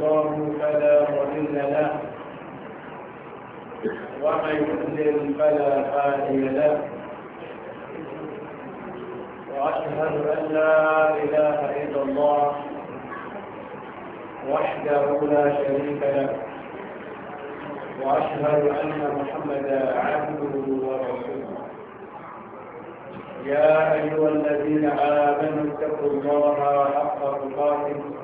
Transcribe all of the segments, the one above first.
الله فلا مضل له ومن يضلل فلا هادي له واشهد ان لا اله الا الله وحده لا شريك له واشهد ان محمدا عبده ورسوله يا ايها الذين امنوا اتقوا الله حق تقاته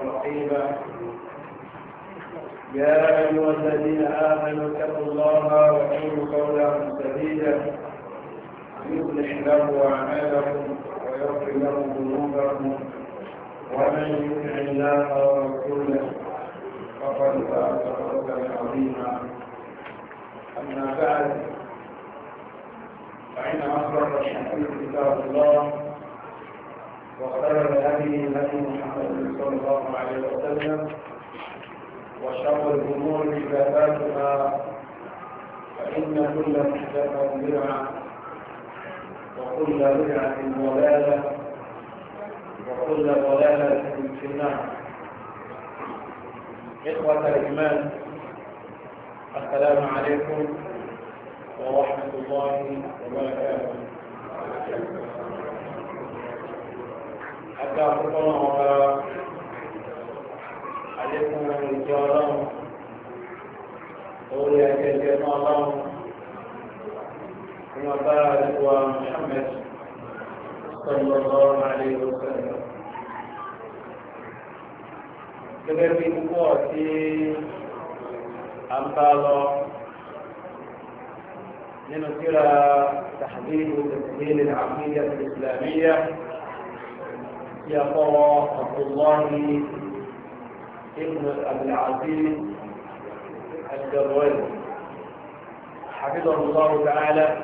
يا أيها الذين آمنوا اتقوا الله وقولوا قولا سديدا يصلح له أعمالكم ويغفر له ذنوبكم ومن يطع الله ورسوله فقد فاز فوزا عظيما أما بعد فإن أصدق الحديث كتاب الله وخير الهدي هدي محمد صلى الله عليه وسلم وشر الامور محدثاتها فان كل محدثه بدعه وكل بدعه ضلاله وكل ضلاله في النار اخوه الايمان السلام عليكم ورحمه الله وبركاته àti àkókọ́nà ọba àlékún ìjọ ọlọ́run orí ẹgbẹ́gbẹ́ náà ọlọ́run ìwọ̀n bá àdúgbò Muhammad sallallahu alaihi wasallam gẹ́gẹ́ bí púpọ̀ tí a ń bá lọ nínú tíra tàbí ìlú tẹ̀sílẹ̀ àmì ìyá ìsìlámíyà يا يقرأ عبد الله ابن أبي العزيز الجروي حفظه الله تعالى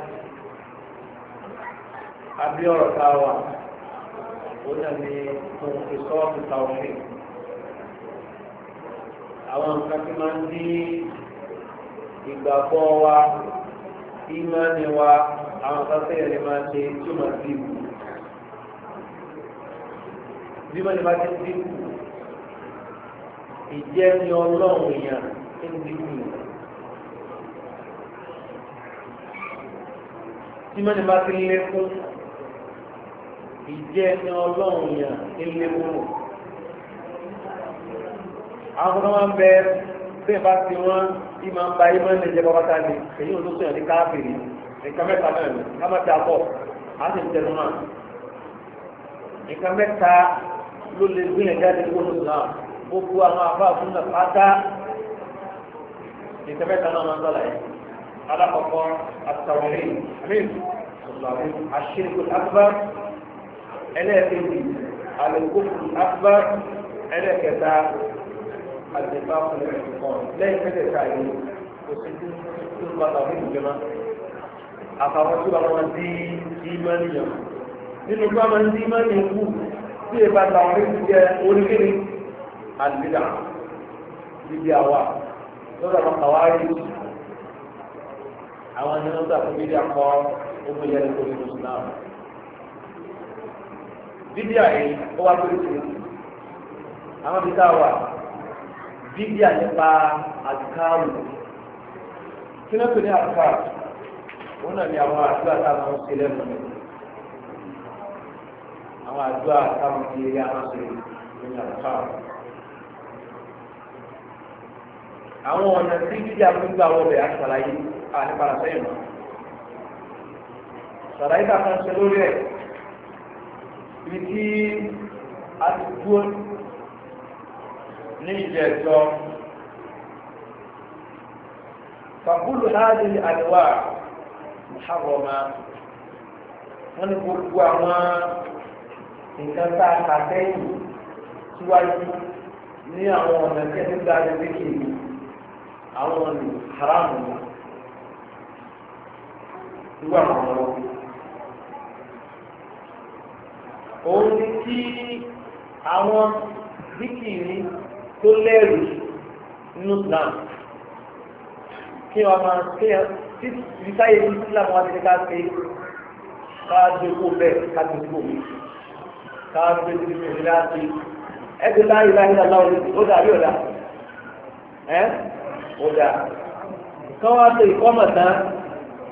أبي ركاوة قلنا من انتصاف التوحيد àwọn nǹkan tí máa ń dí ìgbàgbọ́ wa ìmánì wa àwọn nǹkan tẹ́yẹ̀ lè máa ṣe tí ó máa dìbò bí wọ́n ti bá ti dín kù ìjẹ́ ni ọlọ́run èèyàn ń dín kù. tí wọ́n ti bá ti lékún ìjẹ́ ni ọlọ́run èèyàn ń lékún. àwọn kan máa ń bẹ bí ìbá ti wọ́n bí máa ń ba ìmọ̀ ní ìjẹ́ bàbá tani èyí ò tó sọ̀rọ̀ ní káàbìrì nǹkan mẹ́ta náà ká má ti àbọ̀ á sì ń tẹnu náà nǹkan mẹ́ta ló lè gbìyànjú àti gbogbo islam gbogbo àwọn afáà fún náà pátá ìtẹ́fẹ́ta náà máa ń sọ̀rọ̀ yìí alákọ̀ọ́kọ́ àtàwọ̀rí àmì ìsọ̀làwé àṣírikù akbar ẹlẹ́ẹ̀kejì àlùkòkù akbar ẹlẹ́ẹ̀kẹta àdìbá fún ẹ̀kọ́ lẹ́yìn mẹ́tẹ̀ẹ̀ta yìí kò sí tó ń bá tàwọn ìjọba àtàwọn tó bá wọn di ìmọ̀ nìyẹn nínú bá kú tí èèbá gba orí ti jẹ oníkíni àdìgbà bíbí àwa lọ́dọ̀ àwọn kàwárí àwọn ẹni lọ́dọ̀ àti bíbí akọ omi yẹn kò ní oṣù náà. bíbí àyè ó wá pé ṣe àwọn bíbí àwa bíbí àyè pa àdìkáàrù kí ló ń pè ní àdìkáàrù wọn náà ní àwọn àdúrà táwọn ń ṣe lẹ́nu àwọn àdúrà táwọn ti rí àwọn ṣe nínú àlùfà. àwọn ọ̀nà tí jíjà fún gbà wọlé àṣàlàyé ànípàdà sẹ́yìn mọ́. ṣàlàyé bàtà ń ṣe lórí ẹ̀ ibi tí a ti dúró ní ìjẹ̀jọ́ fàkúlù hádìí àdìwà muharrama wọn ni gbogbo àwọn nǹkan tá a kà sẹ́yìn síwájú ní àwọn ọ̀nà tí ẹni gba ẹni pé kìí àwọn ọ̀nà haramu ni irú àwọn ọ̀nà wọn. òun ni kí àwọn bíkìrì tó lẹ́rù nínú islam kí wọn máa ṣe títí sáyé ní islam wọn ṣe ká dé kó bẹ́ẹ̀ ká dé kó bẹ́ẹ̀ káwọn gbé sí mi ìlú láti ẹgbẹ́ láyé láyé aláwọ̀ ó dà bí ọ̀dà ẹ́ ó dà káwọn àti ìkọ́mọ̀ tán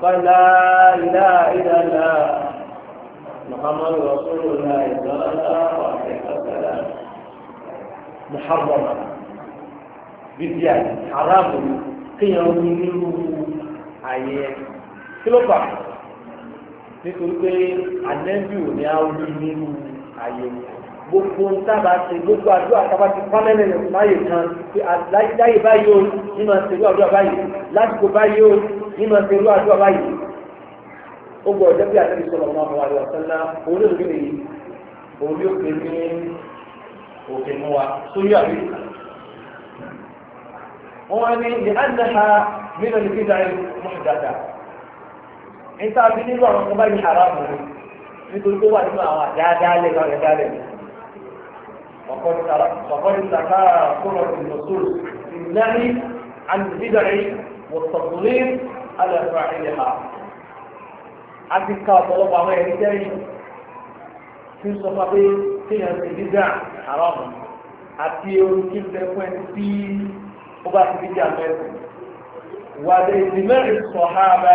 kọ́lá ìlà ìlà là muhammadu rasulullah ìlọ́lá ọ̀kẹ́kọ̀ọ́lá muhammadu bíbí àyè haramu kéèyàn ní nínú àyè ẹ kí ló fà nítorí pé anẹ́bí ò ní á wí nínú ààyè gbogbo ń sábà ṣe gbogbo àdúrà sábà ti pọ́nlẹ́lẹ̀ rẹ̀ fáyè kan pé láyé báyìí o ní máa ṣerú àdúrà báyìí lásìkò báyìí o ní máa ṣerú àdúrà báyìí. ó gbọ́ ọjọ́ bí àtẹ́bí sọ̀rọ̀ ọmọ àwọn àlọ́ ọ̀sánná òun ló lè yí òun yóò pè ní òkè mú wa sórí àbí. wọ́n ní ní àdáhà nínú ìfíjà mọ́ṣádáta. níta bí nínú àwọn ọmọ báyìí nítorí tó wà nínú àwọn àdáadáalẹ̀ náà rẹ̀ dálẹ̀ ni. Ọ̀kọ́ni sàkà kúrò ìmọ̀sùn ìnáni àdìdàrí wọ̀tọ̀tùrí alẹ́fà ilẹ̀ ha. A ti ka ọ̀pọ̀lọpọ̀ àwọn ẹ̀rí jẹ́rìí tí ń sọ fún abé téèyàn ti dídá àrọ́ ọ̀hún àti ohun tí ń bẹ fún ẹni tí ó bá ti dídá mẹ́rin. Wàlẹ̀ ìdìmẹ́rin sọ̀hábà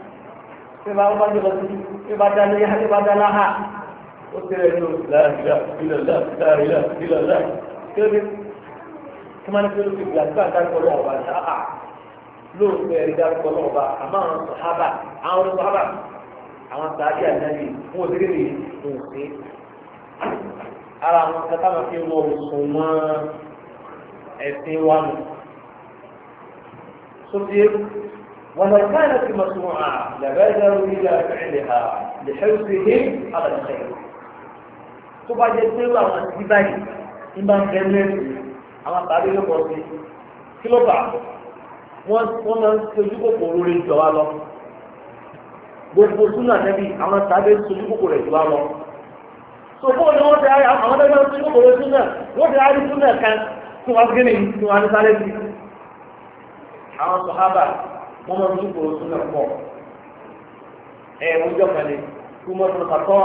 bí bá bá jọba sí bí bá dá léyà bí bá dá láhà ó tẹ̀lé ní láàrínlá ìlọ̀lá láàrínlá ìlọ̀lá kí ló dé kí máa ní kí ló fi gbà tí bá dárúkọ náà wà sáà lóòótọ́ ẹ̀rí dárúkọ náà wà àmọ́ àwọn sọ̀hábà àwọn sọ̀hábà àwọn sàádìí àdáyé fún òṣèré mi àwọn kata ولو كانت مصنوعة لبادروا إلى فعلها لحرصهم على الخير tó bá jẹ́ pé àwọn àti báyìí ní bá ń bẹ lẹ́nu àwọn àtàrí ló bọ̀ sí kí ló bà wọ́n máa ń sojú kòkòrò rẹ̀ jọ wá lọ gbogbo súnà nẹ́bí àwọn àtàrí sojú kòkòrò rẹ̀ jọ wá lọ sòfò ni wọ́n ti ayé àwọn àtàrí sojú kòkòrò súnà wọ́n ti ayé súnà kan tí wọ́n á gé ní tí wọ́n á ní sáré sí àwọn sọ̀hábà wọ́n máa ń tún kòrò sún náà pọ̀ ẹ̀ ọjọ́ kan lè kú mọ́ tó kàtọ́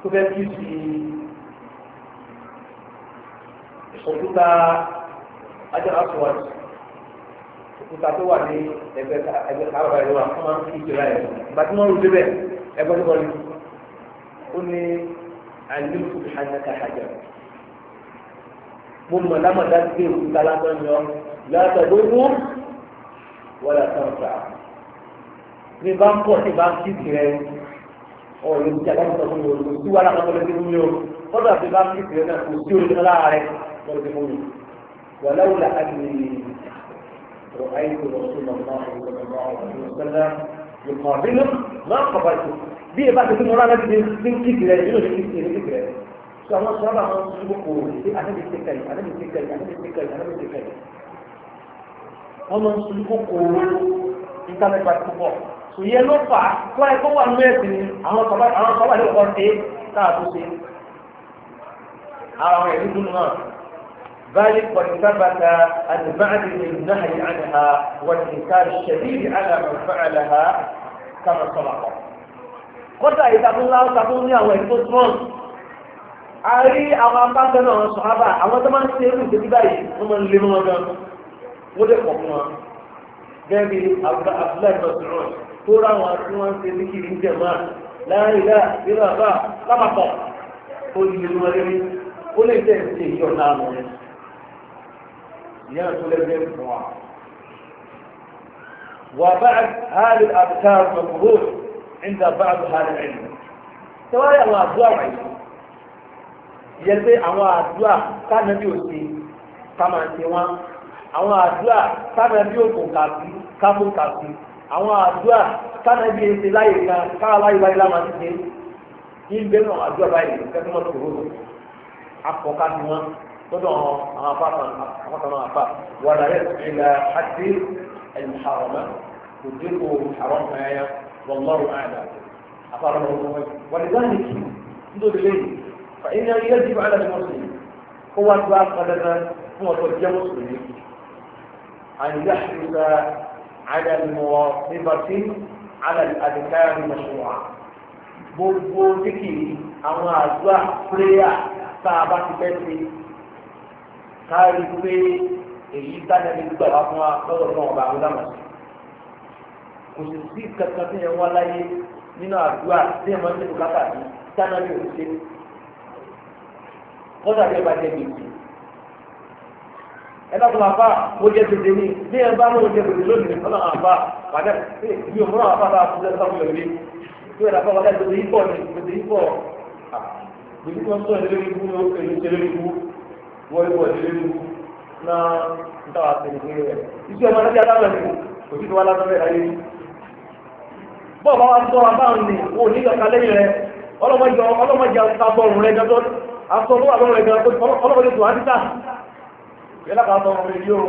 tó fẹ́ kí sí òkúta ajá àtúwájú òkúta tó wà ní ẹgbẹ́ ẹgbẹ́ káàbà ìlú wa wọ́n máa ń kí ìjọba ẹ̀ ìgbà tí wọ́n rú débẹ̀ ẹgbẹ́ tó kọ́ ó ní àlùkù hànàkà hàjà mo mọ̀ lámọ̀dá gbé òkúta lágbọ́n yọ لا تضر ولا تنفع نظام قوتي بان كيتيرين او يمكن ان تكون مستوى على قبل اليوم فضل في بان كيتيرين مستوى على قبل ولولا اني رايت رسول الله صلى الله عليه وسلم يقابلهم ما قبلته بيه بعد كده مرانا دي من كتير يعني شنو كتير كتير كتير شو الله شو الله عم يسوق كوري دي أنا بتكلم أنا بتكلم أنا بتكلم أنا بتكلم wọ́n lọ ń sun kòkòrò ìtàlẹ́gbà púpọ̀ sòyẹ ló fà á tó ẹ kó wà ní ẹ̀sìn ni àwọn sọ́wọ́ àlẹ́ ọ̀kan ṣe táà tó ṣe ara wọn ẹ̀rí dùn náà báyìí pọ̀lì sábàtà àdìbáàdì lè náà yìí àdìhà wọ́n ti ká ṣẹ̀díìdì àdàmọ̀fẹ́ àdàhà kàmà sọ̀rọ̀ kọ̀. kọ́tà ìtàkùnlá ọ̀tàkùn ní àwọn ẹ̀rí tó a rí àwọn apá náà sọ̀rọ̀ àwọn tó máa ń ṣe irú ìṣèjì wọ́n dẹ̀ pọ̀ fún wa gẹ́gẹ́ bí abdullahi mas'ud tó ráwọn tí wọ́n ń ṣe zikiri ń jẹ̀mọ́ láàrin ilá ìlà bá lápapọ̀ ó di ìlú wọn lérí ó lè jẹ́ ìṣe ìyọ̀ náà mọ́ ẹ ìyá tó lẹ́gbẹ́ fún wa. وبعد هذه الأذكار مقبول عند بعض هذا العلم سواء الله أدعى وعيد يلبي أنواع أدعى كان نبي وسي كما أنت àwọn àdúrà tánàbí òkùn kàbí káfún kàbí àwọn àdúrà tánàbí ẹsẹ láyè kan káwá láyé wáyé láwọn àti ṣe ní ìgbẹ́ náà àdúrà báyìí kẹ́kẹ́ wọn tó rọrùn akọ̀ọ́ká ni wọn lọ́dọ̀ àwọn afáàkàn àwọn afá wà láyé ìlà àti ẹ̀lùmọ̀hàrọ̀mọ́ kò dé kó àwọn ọmọ ẹ̀yà wọn lọ́rùn àdá afáàkàn ọmọ wọn wà ní báyìí kí nítorí lẹ́yìn fàyín náà yẹ أن يحرص على المواظبة على الأذكار المشروعة gbogbo díkì àwọn àdúrà pírẹ́yà tá a bá ti bẹ́ẹ̀ ká rí pé èyí dáná ní gbogbo àbá fún wa lọ́dọ̀ fún ọba àwọn kò sì sí kankan tí yẹn wá láyé nínú àdúrà tí yẹn máa ń tẹ̀lé kápá dáná ní òṣèlú. kọ́dà bí ẹ bá jẹ́ bèbè ẹ̀dá tó àbá mo jẹ tètè ní bí ẹ bá lóun jẹ tètè lónìí fọlá àbá padà bí o fọlá àbá bá a fúnlẹ̀ sáwọn yòó lé tó ẹ̀dá fọlá tètè yìí pọ̀ ní tètè yìí pọ̀ bíbí wọn sọ ìdílé ní ikú èyí ìdílé ní ikú wọ́n ìwọ̀ ìdílé ní ikú náà ń tàwa tètè ní rẹ̀ iṣẹ́ ọmọ ẹgbẹ́ adáwọ̀ ni kò sí ti wá lásán bẹ́ẹ̀ ayé bọ́ọ̀ bá wa sọ abáhùn ni wọn ò ní ìyọ̀ká lẹ́yìn rẹ̀ ọlọ́mọdé ọlọ́mọdé asọ́rùn rẹ̀ gẹ́gẹ́ ọlọ́mọdé tó wá títà ẹlẹ́kàá sọ ọmọ ilé o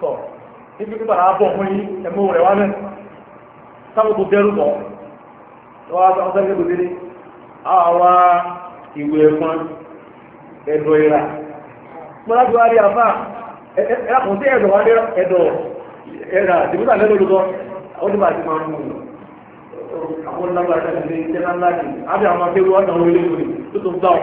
tọ̀ níbi pípa náà bọ̀ fún yín ẹ̀mú rẹ̀ wá mẹ́ sábòkò bẹ́rù tọ̀ wọ́n á sọ sẹ́yìn tó délé àwa ìwé ẹ̀fọn ẹ̀dọ̀ ìrà mọ́ láti wá rí afá ẹ̀lákùn sí ẹ̀dọ̀ wá rí ẹ̀dọ̀ ìrà dìbútà lẹ́nu olùkọ́ ó ti bá ti máa ń mú àwọn lágbàtà ìdílé ìjẹ́ ńlá láti àbí àwọn akéwì wọn náà wọlé lórí tó tó ń gbà ọ́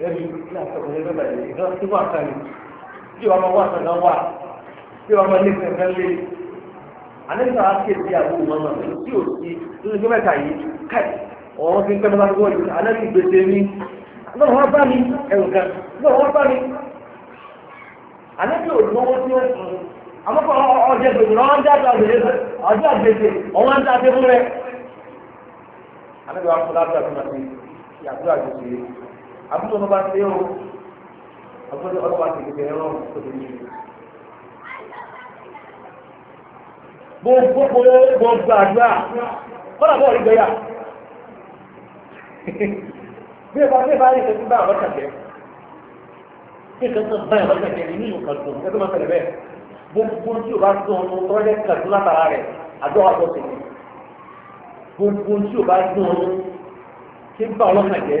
ẹbí ní àtọkùnrin ẹgbẹ́ bàjẹ́ ìgbà tí wọ́n àtàn ní tí wọ́n máa wá àtàn náà wà tí wọ́n máa ní ìfẹ́ fẹ́ lé àlẹ́sà àkéèdè àbúrò mọ́mọ́ pẹ̀lú tí ò sí nínú ẹgbẹ́ mẹ́ta yìí káì ọ̀rọ̀ fi ń pẹ́ mọ́ta gbọ́ yìí àlẹ́sì gbèsè mi lọ́wọ́ wá bá mi ẹ̀rù kan lọ́wọ́ wá bá mi àlẹ́sì òdùnmọ́wọ́ tí ó fún àmọ́kọ̀ ọjọ́ ìgbèsè ọ̀wọ́n ń dáadọ́ àgbèsè ọ̀wọ́n ń dáadọ́ fún rẹ̀ àlẹ́sì wá fún lábẹ́ àgbèsè àbúrò ọba ṣe o àbúrò ọba ṣe kẹkẹ ẹ̀rọ tó ti ní. gbogbo gbogbo àdúrà kọ́nà bọ́ọ̀lù gbẹ̀yà bí ẹ bá bí ẹ bá rí ìṣẹ́jú bá àwọn kàkẹ́ bí ìṣẹ́jú tó bá àwọn kàkẹ́ ní ìlú kan tó ẹ tó máa tẹ̀lé bẹ́ẹ̀ gbogbo tí o bá tó ọmọ tọ́lẹ̀ kàtó látara rẹ̀ àdúrà tó ti ní gbogbo tí o bá tó ọmọ tí ń bá ọlọ́kàn jẹ́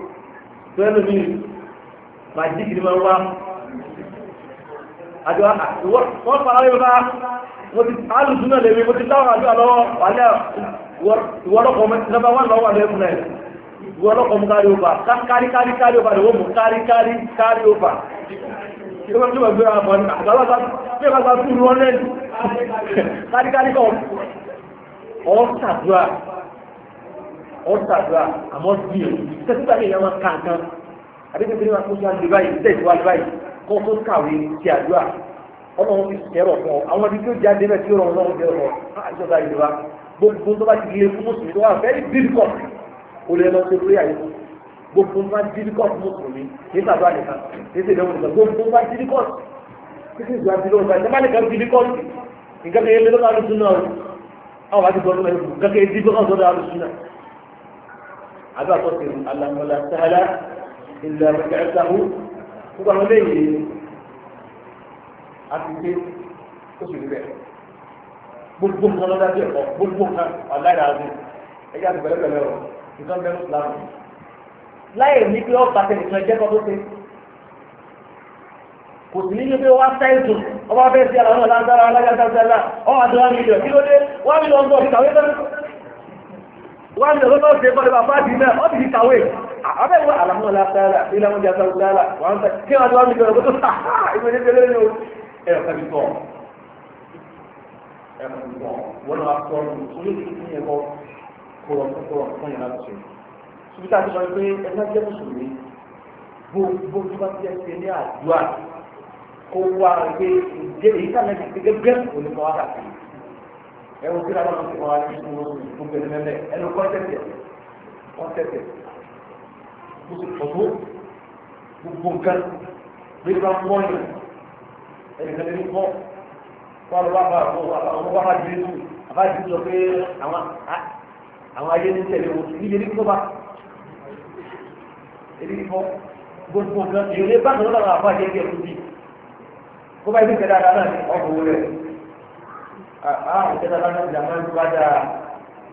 pẹ̀lú mi màjíkì ni máa ń wá àjọ wọ́n fara yóò bá mo ti alùsùn náà lèmi mo ti táwọn àjọ àlọ́wọ́ wàlẹ́ ìwọ́lọ́kọ̀ nọmba wọn lọ́wọ́ àlẹ́ fún ẹ̀ ìwọ́lọ́kọ̀ mú kárí òfà kárí kárí kárí òfà ni wọ́n mú kárí kárí kárí òfà tí wọ́n tí wọ́n gbé àwọn àgbàlagbà tí wọ́n bá ọ̀ sàdúrà àmọ́ sí ẹ̀ tẹ́sígbà lè yàn wọn kà kan àdéhùn tó ní wọn kó sí àdúrà yìí tẹ̀sí wá àdúrà yìí kó tó kàwé ti àdúrà ọlọ́run fi sẹ́rọ̀ fún ọ àwọn ibi tó jáde bẹ́ẹ̀ tí ó rọrùn lọ́rùn jẹ́rọ̀ àjọba ìjọba gbogbo tó bá ti lé fún mùsùlùmí tó wà very difficult ó lè lọ sí orí àyè fún gbogbo tó bá difficult mùsùlùmí nígbà tó àyè kan nígbà tó àyè kan gbogbo tó bá difficult títí ìgbà tí lóun bá ìjọba lè kàn difficult nǹkan kẹ́kẹ́ lé lọ́kàn àlùsùn náà àwọn àti gbọ́dọ̀ lẹ́yìn nǹkan kẹ́kẹ́ difficult lọ́dọ̀ àbí àtọ́sí alamọ́lá sáhálà ilẹ̀ àbẹ̀kẹ́ ẹ̀sáhù gbogbo àwọn eléyìí àtúnṣe tó sì rẹ̀ gbogbo nǹkan lọ́dá bí ẹ̀kọ́ gbogbo nǹkan ọ̀láìdá àbí ẹ̀yà àti pẹ̀lẹ́pẹ̀lẹ́ ọ̀ nǹkan bẹ́ẹ̀ láàmú láyé ní pé ọ̀ pàṣẹ nìkan jẹ́ kọ́ tó ṣe kò sí nínú pé wá sáìtù ọba fẹ́ẹ́ sí àwọn ọ̀nà lágbára alágbára ọ̀hún àti wá mílíọ̀n kí ló dé wá mílíọ̀n bọ̀ kàwé tẹ́lẹ̀ wọ́n ní ọlọ́dọ́ ṣe bọ́lẹ̀ bàbá àti náà ọ́ ti fi kàwé àbẹ̀wò àlàmúlá sára ilé wọn jà sára sára wọn fẹ́ kí wọn wá mi lọ lọ́dọ́ sá ìwé ní tẹ́lẹ̀ ní o ẹ̀ ọ̀kẹ́ mi sọ ẹ̀ ọ̀kẹ́ mi sọ wọn lọ sọ orí ti fi yẹn kọ kọrọ kọrọ fún yẹn láti ṣe ṣùgbọ́n àti sọ pé ẹ má jẹ́ mùsùlùmí bó bó tó bá ti ẹsẹ̀ ní àdúrà kó wá pé ìdí èyí ẹ wo tí làwọn ti wọn ti fún oṣù fún bẹ́ẹ̀ mẹlẹ ẹnu kọ tẹtẹ wọn tẹtẹ kó sì pọ̀ tó gbogbo nǹkan bí wọn pọ̀ yẹn ẹnì kan ní pọ̀ wọn lọ wá bá wọn wá bá jírí tù àbá jírí sọ pé àwọn àwọn ayé ní tẹ̀lé wọn níbi ní kó bá ebi ní pọ̀ gbogbo nǹkan ìrẹ̀lẹ̀ bá kan lọ́wọ́ àwọn àbá jẹ́ bí ẹ̀kú bí kó bá ibi tẹ̀lé àdáná ọ̀gbọ̀n rẹ̀ a ita da ranar da man ba da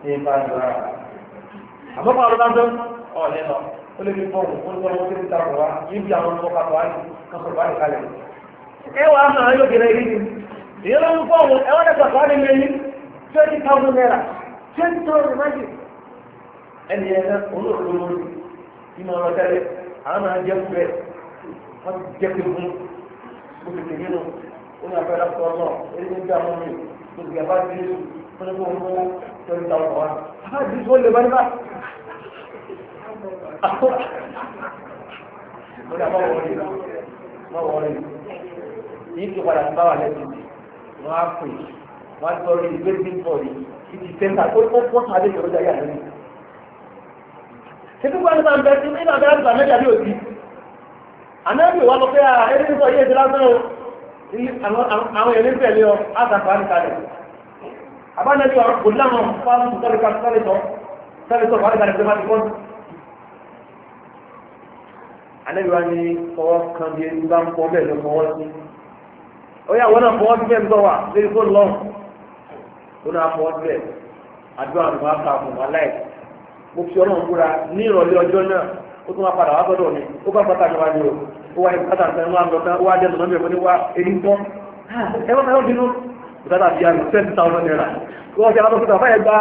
ne ba da rara àmọ́ fún àwọn ọ̀dọ́ ọ̀ lẹ́nà ó lè fi fọ́ọ̀mù ó lè fọ́ọ̀mù kí n ta ọ̀rọ̀ wa níbi àwọn ọmọ kàtọ́ wa kàtọ́ wa nìkalẹ̀ ẹ wà á máa yóò gẹ̀rẹ́ yìí ni èyí ló ń fọ́ọ̀mù ẹ wọ́n dẹ̀kọ̀ kọ́ nílé yìí twenty thousand naira twenty thousand naira ẹni àwọn máa jẹ́ tó ti gàbá bí tó ní kó ń mú twenty thousand wa àbá bí tó lè bá ní bá. ó ní àbá wọlé má wọlé yìí ti padà bá wà lẹ́sìn wọn á pè wọn á sọrí ìgbé tí ń bọ̀ yìí ìdí tẹ́ńtà ó ó pọ́ sáadé ìjọba jáde àná yìí. ṣètò gbọ́dọ̀ bá ń bẹ sí ní ìlànà àti àmẹ́jà bí òsì àná bí wà lọ fẹ́ ara ẹni sọ yé ìdílé lásán o àwọn èrè pẹ̀lú ọ àtàkà ní kalẹ̀ àbánẹ́bí ọ̀rọ̀ kò láwọn fáwọn tẹ́lẹ̀kà tẹ́lẹ̀tọ̀ tẹ́lẹ̀tọ̀ wà nígbàdẹ̀ tó bá ti pọ́n anẹ́bí wa ní ọwọ́ kan bí ẹni bá ń pọ́ bẹ́ẹ̀ ló fọwọ́ sí ó yà wọ́n náà fọwọ́ sí bẹ́ẹ̀ ń tọ́ wà lórí fóònù lọ́wọ́ ó náà fọwọ́ sí bẹ́ẹ̀ àdúrà ní wàá kà fún wàhálà ẹ̀ mo fi ọlọ́run búra ní ìrọ̀lẹ́ ọjọ́ náà ó tún wá padà wá ìpátà àtàrí wọn àgbọ̀tán wá jẹ́ tọ̀nà mẹ́rin wá èyí tọ́ ẹwọ́n tẹ́lọ́ bínú ìtàdà àti àrùn 20,000 naira wọ́n ti alábọ́sọ́tà fáyẹ̀ gbá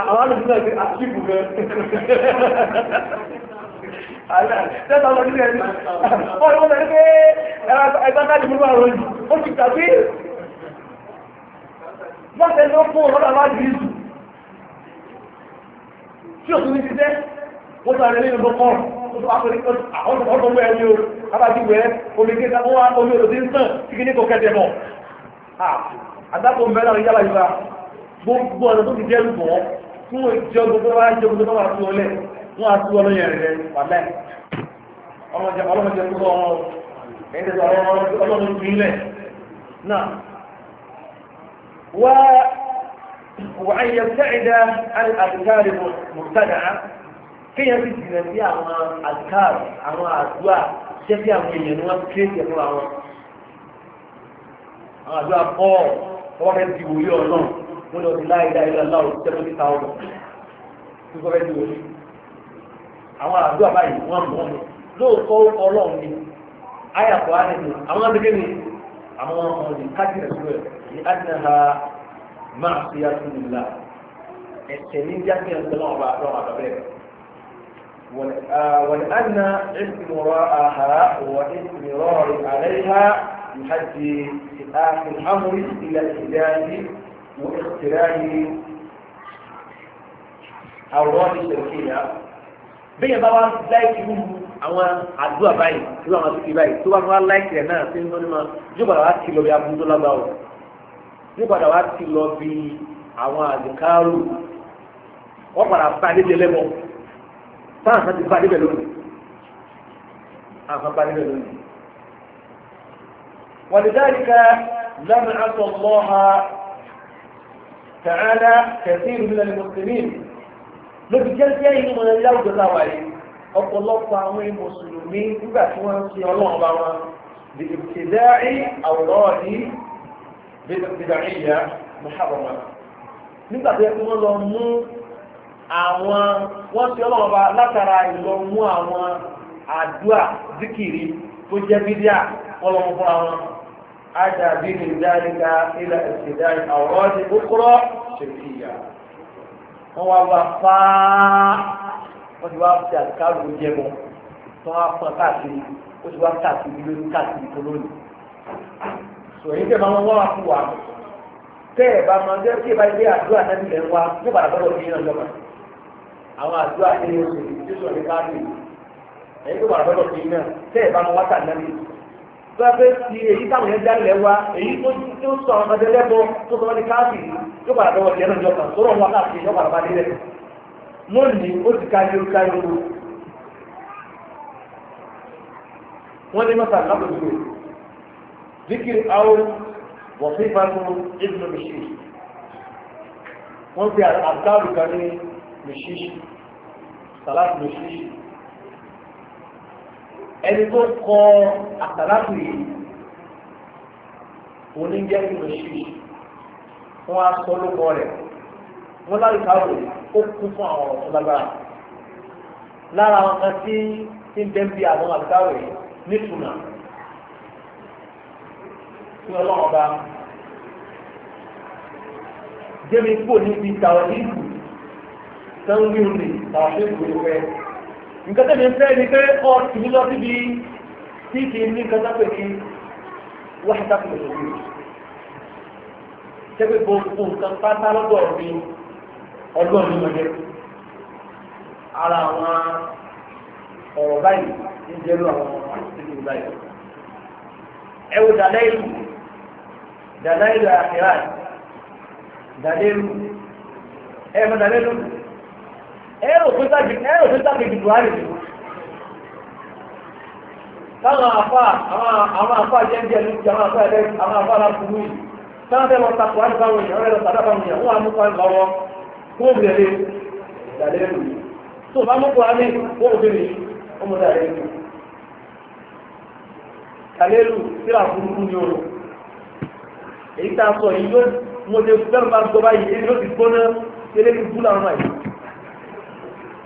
àwọn alùsílẹ̀ ti àṣìkù gan Tí ó tún ní ti jẹ́, wọ́n sọ àrẹ́lẹ́ ìlú kọ́ ọ̀tọ̀ọ̀tọ̀ wẹ́ ẹni o abájú wẹ́ olùgbé ta wọ́n wá ń sàn kí ní kò kẹ́tẹ̀ mọ̀ àdápò mẹ́rin gbogbo ọ̀nà tó ti jẹ́ gbogbo wa وأن يبتعد عن الأذكار المبتدعة kéèyàn sì jìnnà sí àwọn àdìkáàrù àwọn àdúrà jẹ́ kí àwọn èèyàn ni wọ́n ti kéèké fún àwọn àwọn àdúrà pọ̀ ọwọ́ fẹ́ di wòlíì ọlọ́run wọ́n lọ sí láì dáì lọ́la ò tẹ́lẹ̀ ní táwọn tí wọ́n fẹ́ di wòlíì àwọn àdúrà báyìí wọ́n mọ̀ lóòótọ́ ọlọ́run ni ayàpọ̀ ánìkù àwọn adékẹ́ ni àwọn ní fi ní jákèjì ọ̀sẹ̀ náà ọba ولأن استمراءها واستمرار عليها يؤدي في الأمر إلى الإهداف واختلال أوراق الشركية bẹ́ẹ̀ bá wá láìkì àwọn àdúrà báyìí tí wọ́n máa fi báyìí tó bá wá láìkì rẹ̀ náà sí nínú ní máa yóò padà wá ti lọ bí abúlé lágbàá yóò padà wá ti lọ bí àwọn àdìkárò padà táwọn kan ti bá níbẹ̀ lónìí àwọn kan bá níbẹ̀ lónìí. ولذلك لمعة الله تعالى كثير من المسلمين lóbi jẹ́jẹ́ inú mọ̀ nílẹ̀ òjò láwàárí ọ̀pọ̀lọpọ̀ àwọn mùsùlùmí nígbà tí wọ́n ń sin ọlọ́run bá wọn bìbìtìdáì àwòrán ní nígbà tí wọ́n lọ mú àwọn wọ́n ti ọlọ́wọ́ bá látara ìlọ mú àwọn àdúrà zikiri tó jẹ́ bídíà ọlọ́wọ́ fún àwọn àdàbí nìdáríkà ilẹ̀ ìṣẹ̀dárí àwòrán ti kókóró ṣèkìyà wọ́n wá wá fáá wọ́n ti wá fi àkàrò jẹun tó wá fún káàkiri ó ti wá káàkiri lórí káàkiri tó lónìí àwọn àdúrà ẹni oṣù tí sọ̀rọ̀ ní káàdì ẹ̀yìn tó wà lọ́dọ̀ sí iná tẹ́ ẹ̀ bá wọn wá tàná mi. tó bá fẹ́ ti èyí táwọn yẹn dálẹ̀ wa èyí tó sọ àwọn ọmọdé lẹ́bọ tó sọ wọn ní káàdì yóò padà lọ́wọ́ jẹ́ lọ́jọ́ kan tó rọ̀ wọn káàkiri yóò padà bá dé rẹ̀. mo ní ó ti ká ní orúkọ ayé wo. wọ́n ní mọ́tà lápòjúwe zikiri awo wọ́n fi ibùdó mi ṣe. wọ́n fi àtàkùn kan ní lòṣìṣì sàlátù lòṣìṣì ẹni tó kọ àsàlátù yìí òun ní jẹ́ kí lòṣìṣì wọ́n á sọ lóko rẹ̀ wọ́n láyìíká rò ó kún fún àwọn ọ̀rọ̀ tó lágbára lára àwọn kan tí tí ń bẹ́ bí àwọn àbíká rẹ̀ nítumà ọlọ́run bá jẹ́mi kúrò níbi ìtàwọn ìlú sanwó-ìhùn ka tàṣí ìgbòlùfẹ́ nǹkan tẹ́lẹ̀ ni pé ọ ti ní lọ síbi tí kì í ní nǹkan tápẹ̀ ní wáṣítà fún ẹ̀rọ tó sáàkì jù wáyé jù táwọn afá àwọn afá jẹ́ ń jẹ́ ní ti àwọn afá ẹ̀rẹ́ àwọn afá ara kúrú yìí táwọn fẹ́ lọ takò wáyé báwọn èèyàn rẹ̀ lọ tàdá báwọn èèyàn wọ́n á mú kọ́ ẹ̀ lọ́wọ́ kó o bèrè ìdàlẹ́ rù tó o bá mú kọ́ ẹ̀ ni èyí tá a sọ yóò mo lè fẹ́ràn bá gbọ́ báyìí èyí yóò ti gbóná bú làwọn àyè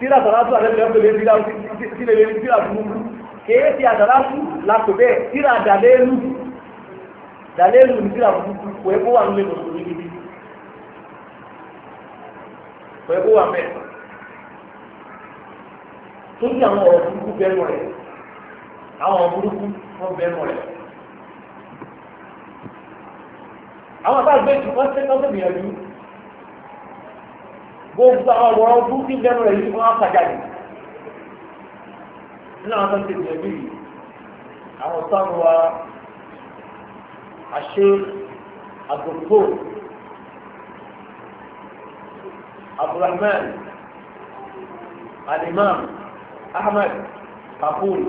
tíra sàlátù àtẹ́lẹ̀ ọ̀pẹ̀lẹ̀ tíra sílẹ̀ lórí tíra burúkú kèé ti àdàlátù látò bẹ́ẹ̀ tíra dàlélù dàlélù ní tíra burúkú kò ẹkó wà nílé mùsùlùmí níbi kò ẹkó wà mẹ́ tó ní àwọn ọ̀rọ̀ burúkú bẹ́ẹ̀ mọ̀ rẹ̀ àwọn ọ̀rọ̀ burúkú wọ́n bẹ́ẹ̀ mọ̀ gbogbo àwọn ọ̀rọ̀ ọdún tí lẹ́nu rẹ̀ yìí wọ́n á pàjáde nínú àwọn tó ń tètè ẹ̀mí àwọn sọ́ọ̀nù wa àṣẹ àgbòkò abdulrahman alimam ahmed kabul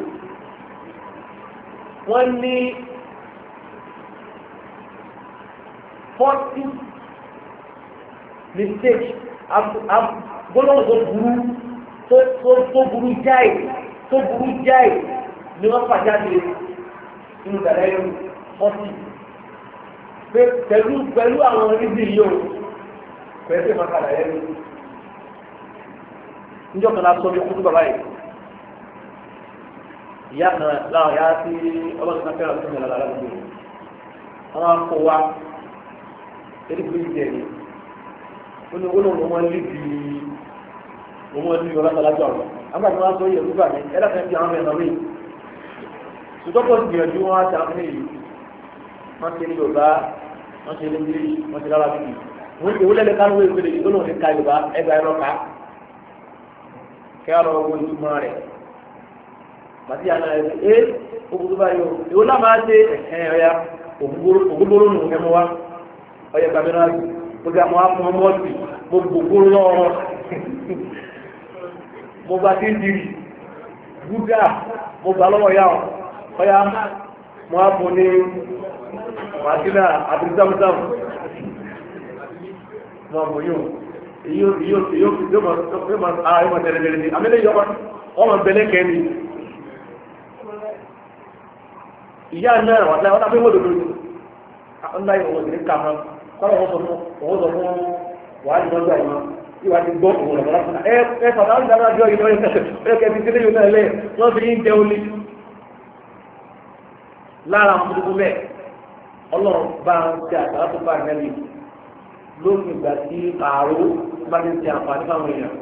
wọ́n ní forty mistakes gbólóhùn tó burú tó burú jáì tó burú jáì ni wọ́n fàjáde inú dàda yẹn fọ́tì pé pẹ̀lú pẹ̀lú àwọn ibi yìí o pẹ̀lú pé máa kàdà yẹn níjọ́ kan láti sọ mi kúndú bàbá yìí ìyá kan láwọn ìyá tí ọlọ́run náà fẹ́ràn tó ń yàrá lára gbogbo wọn á kó wa ó ní olóòwò wọn lé bí owó ní ọlọ́tàlájú àwọn àgbà tí wọ́n sọ yẹ̀ lúgbà ní ẹlẹ́fẹ̀ẹ́ bí àwọn ẹ̀nà rí ṣùgbọ́n gbìyànjú wọn àti àwọn èyí wọ́n ti ní Yorùbá wọ́n ti ní English wọ́n ti lára bíbí wọ́n ti wúlẹ̀ lẹ́ka lóye ìpele yìí olóòwò ní ka Yorùbá ẹgbà ẹ̀rọ ká kẹ́rọ owó ìtumọ̀ rẹ̀ màtí àná ẹ̀ ẹ́ òkútu báyọ̀ ìwọ́n náà máa ṣe ẹ̀ẹ́ ọ̀ya òkúgbóró nù ẹ̀mọ́ wa ọ̀yẹ̀ gbàmíràn àgbẹ̀ mo ga mo amọ mo gbogbo lọ́rọ̀ mo gba tí ń diri mo gbà lọ́wọ́ ya ọ ya mo á mú ní màdínà àti zamzam mo mú yóò ìyá náà wà ọ̀nà ìwọ̀n ní kàmọ́. kọ́lọ̀ wọ́n sọ fún òun sọ fún wàá ní lọ́jọ́ ìmọ̀ tí wàá ti gbọ́ òun lọ́wọ́ lọ́sọ̀nà ẹ ẹ fàtà ó ń dára jọ ìlọ ẹ̀kẹ́ ti sílé yóò náà lẹ̀ wọ́n fi ń jẹun lé lára àwọn tuntun bẹ́ẹ̀ ọlọ́run bá ń ṣe àtàrà ìrẹ́lì lókun ìgbà tí ààrò bá ti ṣe àǹfààní fáwọn èèyàn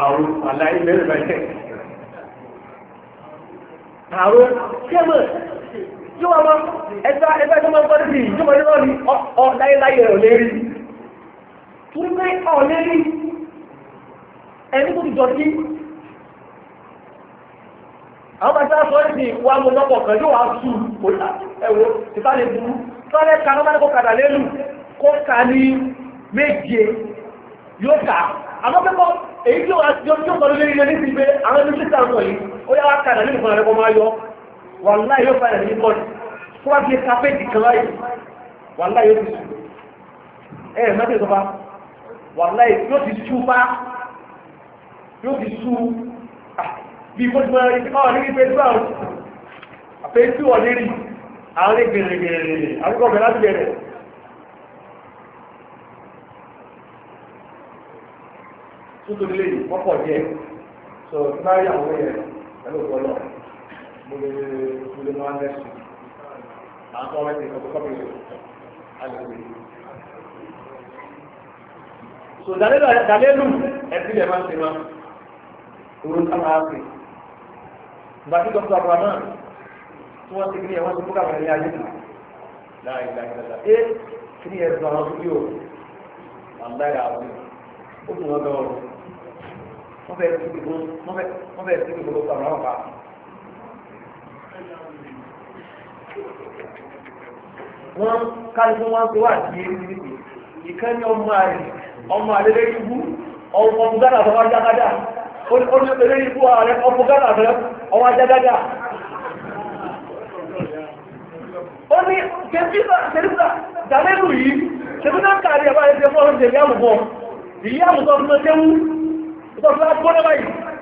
ààrò àlàyé mẹ́rin bẹ́ẹ̀ ààrò yóò ma ẹgbẹ́ tó máa ń gbọ́dọ̀ ní ọ lérí torí pé ọ lérí ẹni tó ti jọ sí àwọn bá sá sọ wa mo lọ́pọ̀ ẹ̀wọ̀ ka ka ní méje yóò kà àmọ́ èyí tí ó sí lórí ilé pé àwọn ẹni tó sọ yìí ó yá wá wàláì yóò fara ní mọ́ni kó wá fi kápẹ́ẹ̀tì kan láyé wàláì yóò fi sùn ẹ ẹ mẹ́tẹ̀ẹ́ sọ́fà wàláì yóò fi sú bá yóò fi sú ah, bí kó tó máa rí ọ́ ní ibi tó àwọn àpèjú ọ̀lẹ́rì àwọn ẹgbẹ̀rẹ̀gbẹ̀rẹ̀ àdúgbò ọ̀bẹ̀ láti bẹ̀rẹ̀ tó tó lè wọ́pọ̀ jẹ́ sọ̀rọ̀ tí máa rí àwọn ẹ̀rọ ẹ̀rọ ọ̀pọ̀lọpọ̀ mo lè mo lè máa lẹ́sìn à ń tọ́ ọmọ ẹ̀sìn ìkọ̀kọ́ mi àlèkè. so dàlélù ẹbí rẹ̀ máa ń sinmi òru ká máa pè ìgbà tí dọ́kítà abrahamu tí wọ́n ti kí ni ẹ̀wọ́n ti kó kàwé ní ayé nìyí láì láì láì ẹ kí ni ẹ̀rọ àwọn fídíò àǹdáyà wọ́n kálukú wọn tó wà ní ìrìnrìn ìkẹ́ ní ọmọ rẹ̀ ọmọ àlẹ́lẹ́ ibú ọmọ gánà tó wá jágádá olùpẹ̀lẹ́ ibú ààrẹ ọmọ gánà tó wá jágádá ó ní kẹfíkà dálẹ́lù yìí kẹfíkà kàrí ẹ̀bá ẹ̀ṣẹ̀ fọ́ọ̀rọ̀ ìyá àmùkọ́ ìyá àmùkọ́ fún ẹgbẹ́ wú ìtọ́fíà gbọ́nà báyìí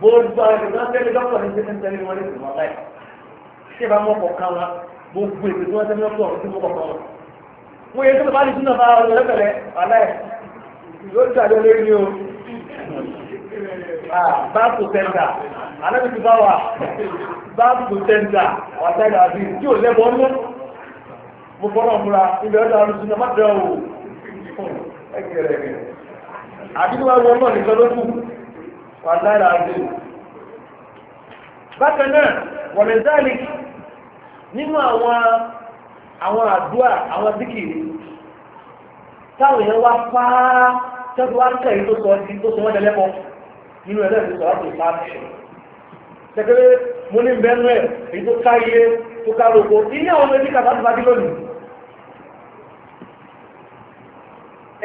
gbogbo àwọn ìgbà tẹ́lẹ̀ dọ́kítọ̀ ní sẹ́kẹ́ tẹ́lẹ̀ wọn ní ìgbìmọ̀ láì ṣé bá mọ́kọ̀ kan wa gbogbo èdè tí wọ́n tẹ́lẹ̀ dọ́kítọ̀ ọ̀hún sí mọ́kọ̀ kan wọn. wọ́n yẹ kí bàbá àdìsí náà bá wọn lẹ́tẹ̀lẹ̀ aláì yóò ṣàjọ lé ní o. báàpù tẹ́ńtà alábi ti bá wa báàpù tẹ́ńtà ọ̀tá ìlà àbí tí ò lẹ́bọ̀ mú. mo fọ́nà múra ilẹ̀ ọ̀dà àdìsí náà má dẹ̀ o wàlára àgbẹ̀ bákan náà wọ̀lẹ̀dáàlì nínú àwọn àwọn àdúà àwọn díkìrì táwọn èèyàn wá pàá tẹ́bí wá kẹ́rì tó sọ ọdí tó sọ wọ́n dẹ̀lẹ́kọ́ nínú ẹ̀lẹ́ ìlú sọ̀rọ̀ tó sáà bẹ̀rẹ̀ tẹ́kẹ́rẹ́ mo ní bẹ́nu ẹ̀ èyí tó ká ilé tó ká lóko ilé àwọn ọmọ ẹbí kàtà tó bá dé lónìí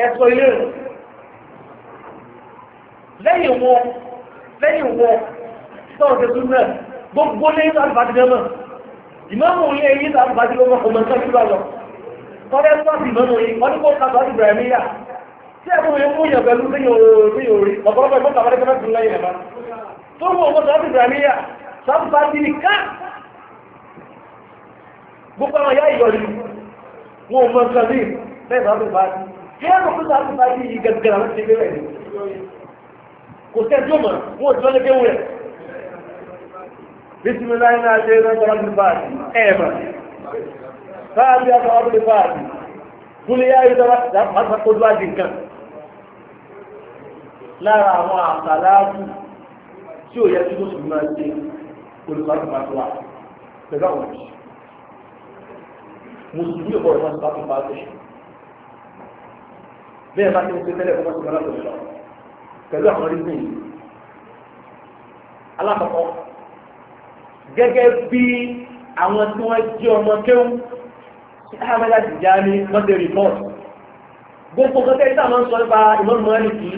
ẹ sọ ilé rẹ̀ lẹ́yìn wọn lẹ́yìn wọ tọ́wọ́ ṣe tún náà gbogbo lẹ́yìn tó àlùfáà ti gẹ́mọ̀ ìmọ̀mù ilé yìí tó àlùfáà ti gẹ́mọ̀ ọmọ nǹkan ṣúra lọ tọ́lẹ́ tó àti ìmọ̀mù yìí wọ́n ní kó ká tọ́jú bẹ̀rẹ̀ mí yà tí ẹ̀ fún mi mú yàn pẹ̀lú sí orí ọ̀pọ̀lọpọ̀ ìmọ̀ tàbí ẹgbẹ́ tún lẹ́yìn ẹ̀ma tó mú ọmọ tọ́jú bẹ̀rẹ̀ mí yà sáfùfà ti ní ká gbogbo kò tẹ́ tí ó mọ̀ wọ́n ti lọ́lẹ́ kéwù rẹ̀ bisimilayi náà ṣe iná sọ́rọ́ bí fàájì ẹ̀ẹ̀mà fàájì àtọ́wọ́ bí fàájì kúlíyà ìjọba láti kójú àjì nǹkan lára àwọn àtàláàbù tí ò yẹ kí ló sùn máa ṣe olùfàtúmàtò wa pẹ̀lú àwọn òbí mùsùlùmí ọ̀pọ̀ ìfàtúmàtò bá ṣe bẹ́ẹ̀ bá ti ń ṣe tẹ́lẹ̀ fún ọ̀sán pẹ̀lú àwọn rígbìn yìí alákọ̀ọ́kọ́ gẹ́gẹ́ bí àwọn tí wọ́n jẹ́ ọmọ kéwù tí ahmed adìjá ní wọ́n ti rìpọ́t gbogbo kọ́kẹ́ tí àwọn sọ nípa ìmọ̀mù mọ́lìkì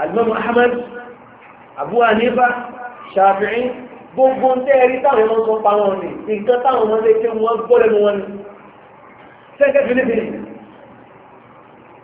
alimọ́mù ahmed abu hanifa shafi'i gbogbo ń tẹ́ ẹ̀rí táwọn ọmọ sọ pa wọn ni nǹkan táwọn ọmọ lè ṣe wọn gbọ́lẹ̀ wọn ni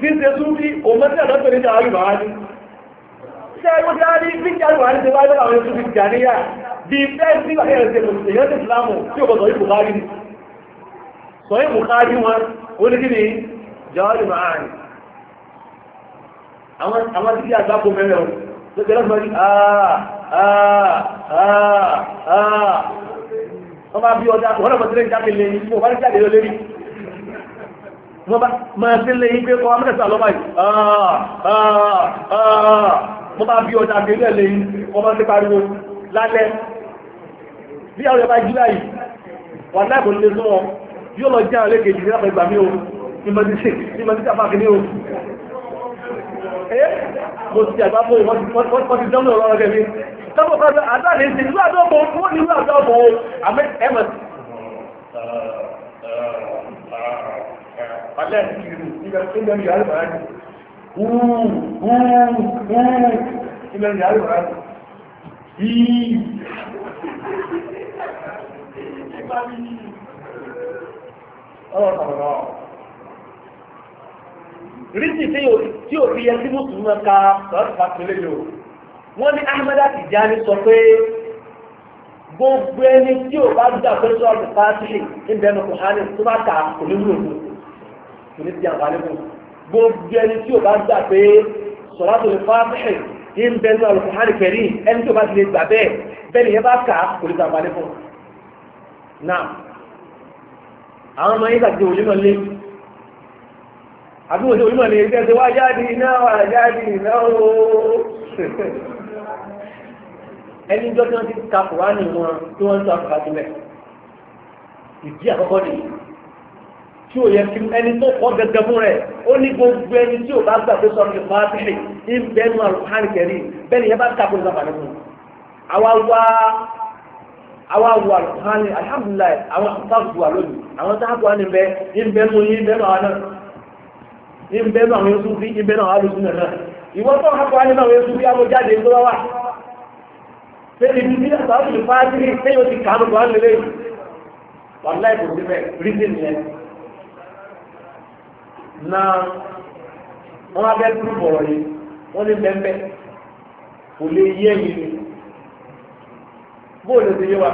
tí ń ṣe súnfí òmọ́tí àlọ́tọ̀ ní ṣàwárí bàwárí ṣe ayé wọ́n ti rárí bí kí àrùn àrí ti wá lọ́wọ́ àwọn súnfí jàníyà bí fẹ́ sí àyẹ̀rẹ̀ ṣe èèyàn ti ìsìlámù tí ò bọ̀ sọ̀yí Bukhari ni sọ̀yí Bukhari wọn ó ní kí ni jàwárí bàwárí àwọn títí àgbákò mẹ́rẹ̀ o tó wọ́n bá máa sí lè ipé kọ́ amẹ́sà lọ́mà mọ́ bá bí ọjà gẹ̀ẹ́lẹ̀ lè ọmọ sí pariwo lálẹ́ bí àwọn ọba jílá yìí wà láìpò lè sún wọn yóò lọ jẹ́ àlẹ́ kejì nípa ìgbà mí o ìmọ̀síkà fàkì ní o ẹ́ eh? mo ti àgbà fún ìwọ́n ti dánwò ọ̀rọ̀ gẹ̀mí tọ́pọ̀ kan àdáàlẹ́ sí ìlú àdọ́bọ̀ wọ́n ni ìlú àdọ́bọ̀ aláìkiri ilẹ̀ ìyàrùbá ní oòrùn oòrùn oòrùn ilẹ̀ ìyàrùbá ní yìí ọ̀rọ̀ ríṣì tí ò fi yẹ sí mùsùlùmí ká sọ́ọ̀tà pẹ̀lẹ́ yóò wọ́n ní Ahmada Tijani sọ pé gbogbo ẹni tí ò bá gbà pẹ́lú sọ́ọ̀tà pàtàkì ìbẹ̀nu kòhánì tó bá ta kò ní wúlò kò ní ti àǹfààní fún gbogbo ẹni tí ò bá gbà pé sọ̀rọ̀tò lè fa fẹ́ yìí ń bẹnu Al-Qur'an Karim ẹni tí ò bá ti lè gbà bẹ́ẹ̀ bẹ́ẹ̀ ni ẹ bá kà á kò ní ti àǹfààní fún náà àwọn ọmọ yìí tàbí òní náà lé àbí òní onímọ̀ lè rí wá jáde iná jáde iná ooo ẹni jọ́ tí wọ́n ti ka Kùránì wọn tí wọ́n ń sọ àkàkà sílẹ̀ ìdí àkọ́kọ́ nìyí tí ò yẹ kí ẹni tó kọ́ gẹ́gẹ́ fún rẹ̀ ó ní gbogbo ẹni tí ò bá gbà pé sọ́ọ́nù ìfọ̀ àtìlì ní bẹ́ẹ̀nu àlùkárì kẹrì bẹ́ẹ̀ni yẹn bá ká fún ìsàfàní fún un. àwa wá àwa wọ àlùkárì alihamudulilayi àwọn àfáàfù wà lónìí àwọn sáàfù wà ní bẹ ní bẹ́ẹ̀nu ní bẹ́ẹ̀nu àwọn náà ní bẹ́ẹ̀nu àwọn yẹn sùn bí ní bẹ́ẹ̀nu àwọn alùsùn náà ìwọ tó ń hapọ̀ nínú àwọn ẹ̀sùn àwọn jáde tó wá wà na wọ́n abẹ́ dúró bọ̀rọ̀ yìí wọ́n ní mẹ́mẹ́ kò lè yé ẹ̀yìn ni bóòlù ti yé wa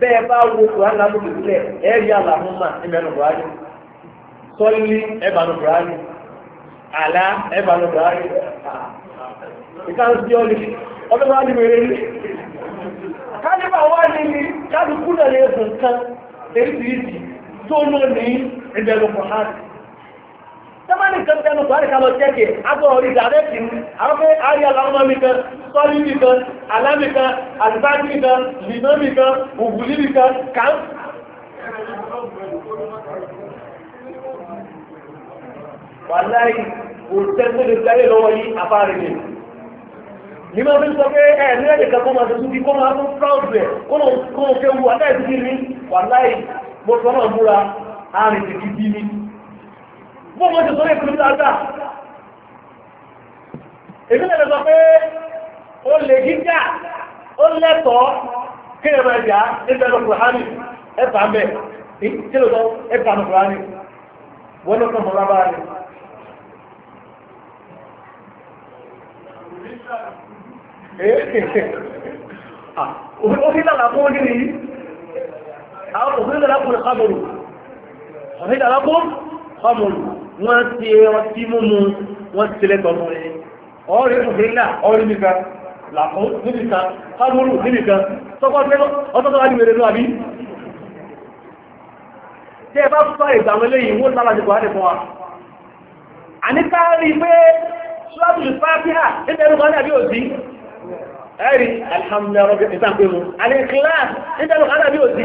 bẹ́ẹ̀ bá wo kùrán lánàá tó tilẹ̀ ẹ̀ rí àlàmú ẹ̀mẹ́nu buhari sọ́lí ẹ̀bànú buhari àlá ẹ̀bànú buhari ìkànnì sí ọdún wa wà náà lè tó ló ní ìbẹ̀rù buhari tẹ́mọ́nì kan tẹ́nu buhari kalọ̀ jẹ́kẹ̀ agbọ̀rọ̀ rí dàrẹ́kì àwọn pé àárí aláwọ̀mí kan sọ́límì kan alámì kan àtìbájì kan lìmọ́mì kan ògùlímì kan kan wàláì òtẹ́gbẹ́ lè jáde lọ́wọ́ yí àfáàrí ni ní máa fi sọ pé ẹ̀ ní ẹ̀dẹ̀kẹ́ kó máa tẹ́sùn kí kó máa fún fúráùdù ẹ̀ kó lóun kéwu mo sọ náà múra àárín tètè bí mi mo mọ́ ṣe sọ́rọ̀ ìpínlẹ̀ àgbà èmi lẹ́nu sọ pé ó lè gíga ó lẹ́tọ̀ọ́ kí ẹ̀rọ ẹ̀dá nígbà ẹ̀rọ kùránì ẹ̀bà mẹ́ kí ló sọ ẹ̀bà mẹ́ kùránì wọ́n ló kàn mọ́ lábá rẹ̀ ó fi lálàá fún ó ní nìyí àwọn òfin ìdàlápùn khamuru òfin ìdàlápùn khamuru wọ́n ti ọtí múmu wọ́n ti tilẹ̀ tọ́mú rẹ̀ ọ̀rẹ́ òfin náà ọ̀rẹ́ nìkan làkún níbìkan khamuru níbìkan tọ́kọ́ pé ọtọ́ tó wà ní wèrè lọ àbí tẹ́ bá fà ìgbàmọ́ lẹ́yìn wọ́n lára jẹ́ buhari fún wa a ní káàrí pé ṣúlábùlù fàáfíà nítorí wọn àbí òsì ẹ̀rí alhamdulillah ìtàkùn mu alẹ́kìlá nítorí wọn àbí òsì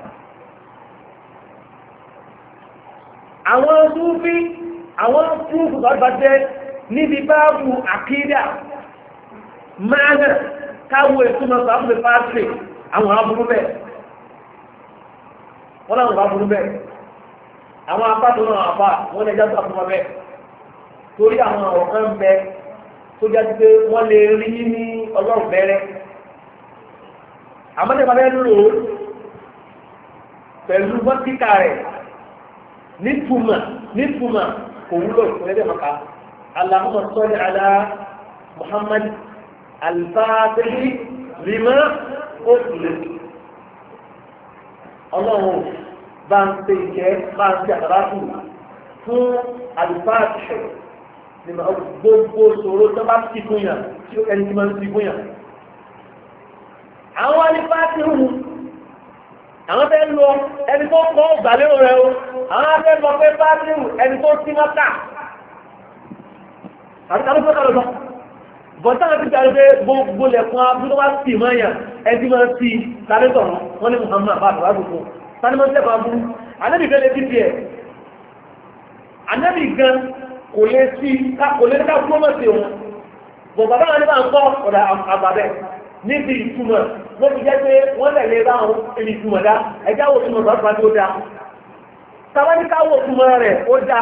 àwọn súnfí àwọn púrúfù lọ́gbàjẹ́ níbi báàbù àkídà máàlá káwọ ìtumọ̀ sàbùlẹ̀ pàṣẹ àwọn aburú wọ́n láwọn aburú àwọn apáto náà àbá wọ́n lè jáde àfọmọ́ bẹ́ẹ̀ torí àwọn ọ̀rọ̀ kan bẹ tó jáde wọ́n lè rí ní ọlọ́run nítumọ̀ nítumọ̀ kò wúlò fún ẹgbẹ́ maka Allahumma salli ala Muhammad al-Fatihi lima ughliq ọlọ́run bá ń pe ìjẹ́ bá ń pe àtàràtù fún al-Fatihi lima ughliq gbogbo sòro tó bá ti fún yàn tí ẹni tí máa ń ti fún àwọn al àwọn fẹ́ lọ ẹni tó kọ́ ìgbàlérò rẹ o àwọn afẹ́ lọ pé fásitì ẹni tó sí mọ́tà àti tàbí tó kàlọ́ lọ bọ̀tá àti tàbí pé gbogbo lẹ̀kùn abúlé sí mọ́ èèyàn ẹni máa sí tàbí tọ̀rọ̀ wọ́n ní Muhammad bá àtàwà gbogbo tàbí máa ń tẹ̀kọ̀ abúlé anábì fẹ́ lè fi tiẹ̀ anábì gan kò lè sí kò lè ká gbọ́mọ̀ sí òun bọ̀ bàbá níbi ìtumọ̀ wọ́n ti jẹ́ pé wọ́n lè lè bá àwọn ẹni ìtumọ̀ dá ẹjá wo ìtumọ̀ bá bá tó dá tàbá ní káwọ́ ìtumọ̀ rẹ̀ ó dá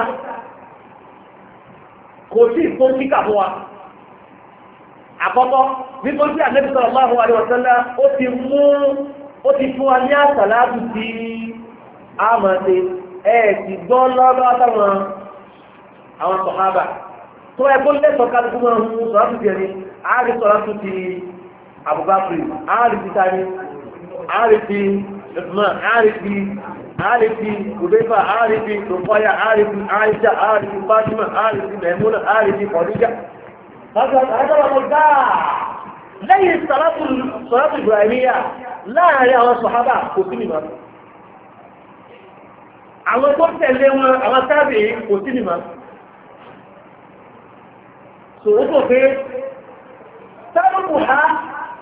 kò sí ìfún kíkà fún wa àkọ́kọ́ nítorí tí àlejò sọ̀rọ̀ máa wà lọ́wọ́ sẹ́lá ó ti mú ó ti fún wa ní àsàlátù tí a mọ̀ ṣe ẹ̀ sì gbọ́ lọ́dọ́ táwọn àwọn sọ̀hábà tó ẹgbẹ́ lẹ́sọ̀ọ́ kálukú máa ń mú sọ̀rọ̀ tuntun yẹn ni àárín sọ̀rọ̀ tuntun abubakar àárífi tani àárífi usman àárífi àárífi ubefa àárífi rufaya àárífi aisha àárífi fatima àárífi maimuna àárífi kọdíjà lẹ́yìn sọ́lọ́tù ibrahimiyya láàrin àwọn sọ̀hábà kò sí nìmá àwọn tó tẹ̀lé wọn àwọn tábì kò sí nìmá pé ha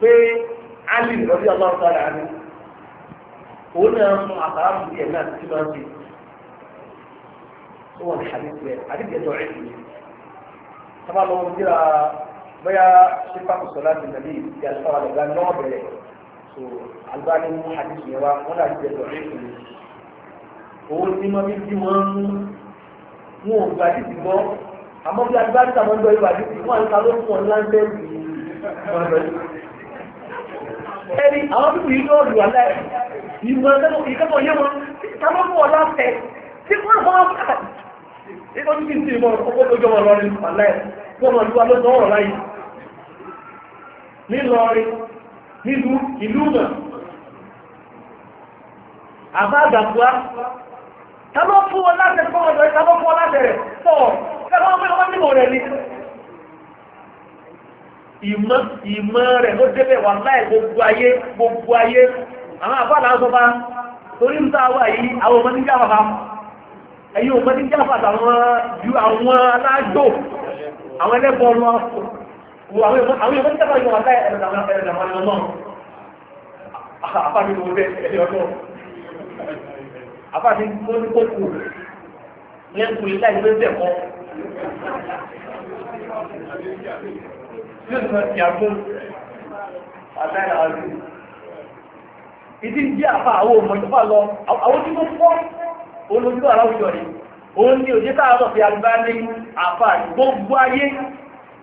pé ali lọ́dí ọlọ́run sára ni òun náà mú àkàrà mú díẹ̀ náà títí máa ń ṣe ó wọ́n ní àdìsí ẹ̀ àdìsí ẹ̀ dọ̀rẹ́ ìlú sábà lọ́wọ́ síra bóyá sípà kò sọ láti nàbí ìdí àlùfáà wà lọ́gbà náà bẹ̀rẹ̀ so àlùfáà ní mú àdìsí yẹn wọ́n náà àdìsí ẹ̀ dọ̀rẹ́ ìlú òun ní mọ́ bí bí wọ́n mú wọn ò gbà àdìsí gbọ́ àmọ́ bí àdìsí àwọn ń dọ̀ yóò àdìsí wọn àti ló fún ọ ẹni àwọn pípù yìí lọ́ọ̀lù alẹ́ ìmọ̀ ẹ̀kọ́ wọn táwọn mú ọ̀la tẹ̀ tí wọ́n bá wọ́n kà ìkọ́ tí alẹ́ ìmọ̀ ìmọ̀ rẹ̀ ló débẹ̀ wà láì gbogbo ayé gbogbo ayé àwọn àbáàlá sọ bá torí ń tà wà yìí àwọn ọmọ níjà bàbá ẹ̀yìn ọmọ níjà bàbá wọn ju àwọn alájò àwọn ẹlẹ́bọn lọ àwọn ọmọ níjà bàbá wọn láì ẹ̀rọ àwọn ọmọ àpá mi ló bẹ ẹ̀yọ lọ yóò ti àgbó àtàrà àrùn ìdí jẹ́ àfà àwọn òmòjúfà lọ àwọn tí ó fọ́ olójú àráwùjọ ni òun ni òjé káàrọ̀ fi àgbá ní àfà gbogbo ayé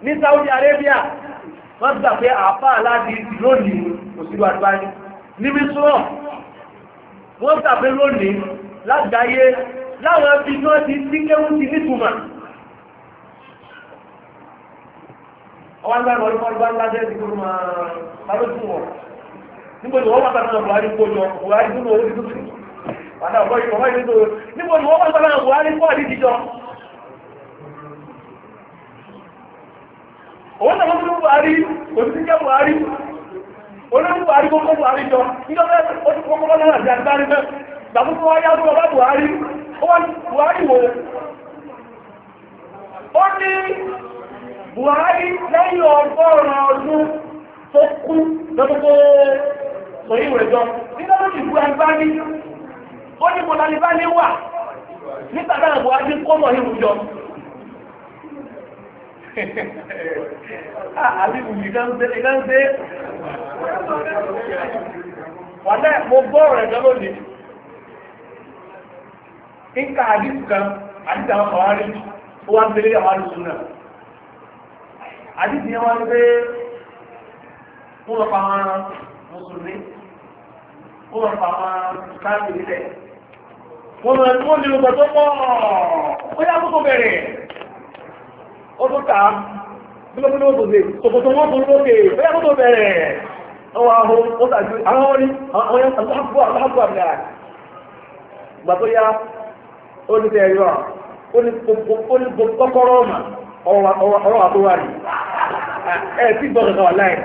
ní Saudi Arabia wọ́n gbà pé àfà láti lónìí òṣìlú àgbá ní ní mísúrọ̀ wọ́n gbà pé lónìí lágbàáyé láwọn ibi náà ọwọ́ nígbà lọ́rí fún ọdún bá jẹ́ ìdíkò máa lálọ́ fún wọn níbo ni wọ́n wà sára Buhari kó jọ Buhari nínú owó tuntun sí wàdà ọ̀gọ́ ìfọ̀ wáyé nínú níbo ni wọ́n wà sára Buhari kó àdíjì jọ owó náà wọ́n fún Buhari òtítí jẹ́ Buhari olórí Buhari kó kó Buhari jọ nígbà ó ti kọ́kọ́ lọ́nà àti àgbárí náà gbàgbọ́ fún wáyé àbúrò bá Buhari ó wá Buhari wò ó ní Buhari lẹ́yìn ọgọ́rùn-ún ọdún tó kú lọ́dọ́dọ́ sọ̀rí ìwé jọ nígbà tó ti bu Alibani ó ní bọ́lá Alibani wà nígbà náà Buhari kọ́mọ̀ ìlú jọ. Àlìbù ìdá ń ń dé. Wàlẹ́ mo àwọn náà. àdìsí yẹn wọ́n pé wọ́n lọ mùsùlùmí wọ́n lọ káàkiri lẹ̀ wọ́n lọ wọ́n lè lọ́gbọ̀n tó pọ̀ ó yá kó tó bẹ̀rẹ̀ ó tó ta gbígbógbó tó lè tòkòtò wọ́n tó lókè ó yá kó tó bẹ̀rẹ̀ ọwọ́ ahọ́ ó tàbí àwọn orí àwọn yẹn àbúrò àbúrò gbàtó yá ó ní tẹ̀yọ́ ó ní kọ́kọ́rọ́ ọ̀nà ọ̀rọ̀ àtúwà rí ẹ̀ tí gbọ́dọ̀ kọ̀ láì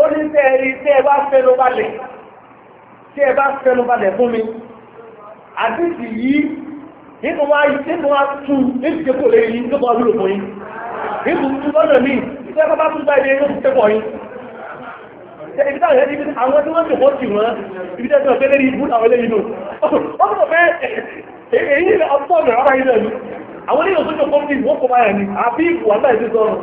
ó ní tẹ́ ẹ̀rí tí ẹ bá fẹ́nu balẹ̀ tí ẹ bá fẹ́nu balẹ̀ fún mi àdìsí yìí nínú wa nínú wa tún nínú ìjókòó lè yí nígbà wúlò fún yín nínú tún lọ́nà míì tí ẹ bá tún bá ilé yóò tẹ́ pọ̀ yín ibi táwọn ẹni ibi àwọn tí wọ́n ti wọ́n ti wọ́n ibi tẹ́tí ọ̀fẹ́ lẹ́yìn ibú àwọn eléyìí nù ó mọ̀ pé èyí àwọn oníyàn tó jọ kọ́mí wọ́n kọ́ báyà ní àbí ìbù aláìsí sọ́rọ̀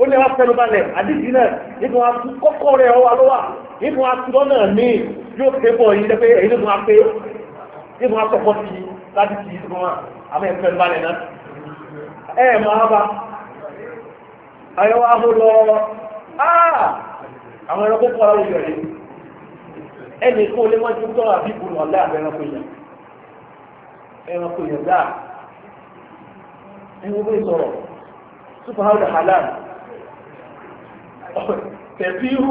ó ní wá fẹ́nu balẹ̀ àdíjì náà nínú àtú kọ́kọ́ rẹ̀ ọwà lọ́wà nínú àtú lọ́nà ní yóò pé bọ̀ yìí lẹ́pẹ́ èyí nínú apé nínú àtọ̀kọ́ ti láti ti ìdí wọn àmọ́ ẹ̀fẹ́ balẹ̀ náà ẹ̀ máa bá ayọ́wà mú lọ àwọn ẹranko kọ́ra òyìnbó ẹnì kó lé wọ́n ti tọ́ àbí ìbùrù ọ̀lẹ́ àbẹ̀rẹ̀ fún yẹn ẹranko yẹ̀dá ẹni wọ́n sọ̀rọ̀ superhard halal tẹ̀fíhù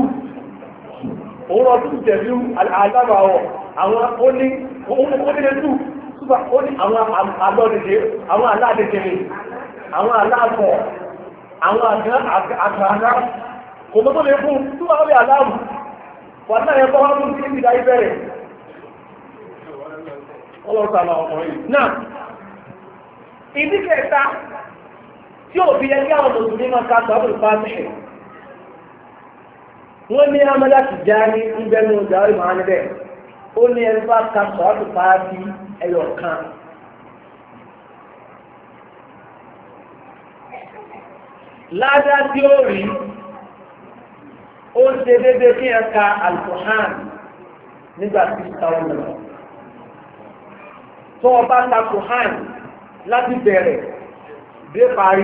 òun ọdún tẹ̀fíhù alábàáwọ̀ àwọn oní onílẹ̀tù àwọn alọ́dẹ̀dẹ̀ àwọn aládẹ̀dẹ̀rẹ̀ àwọn aláàbọ̀ àwọn àgbàrá kò mọ́ tó lè fún tí wọ́n rí aláàbù wà náà ẹ̀kọ́ wọ́n mú sí ìdáyé bẹ̀rẹ̀ ọlọ́sàlọ ọkùnrin náà ìdí kẹta tí òbí ẹgbẹ́ àwọn mùsùlùmí máa ka sọ́ọ́bù fásitì wọ́n ní amẹ́lá ti já ní ìbẹ́nu ìjàrí màá níbẹ̀ ó ní ẹni bá ka sọ́ọ́bù fásitì ẹyọ kan ládá tí ó rí ó ṣe déédéé kí ẹ ka alukuhan nígbà tí ó ta ọ̀nà lọ tó wọn bá ta Quran láti bẹ̀rẹ̀ dé parí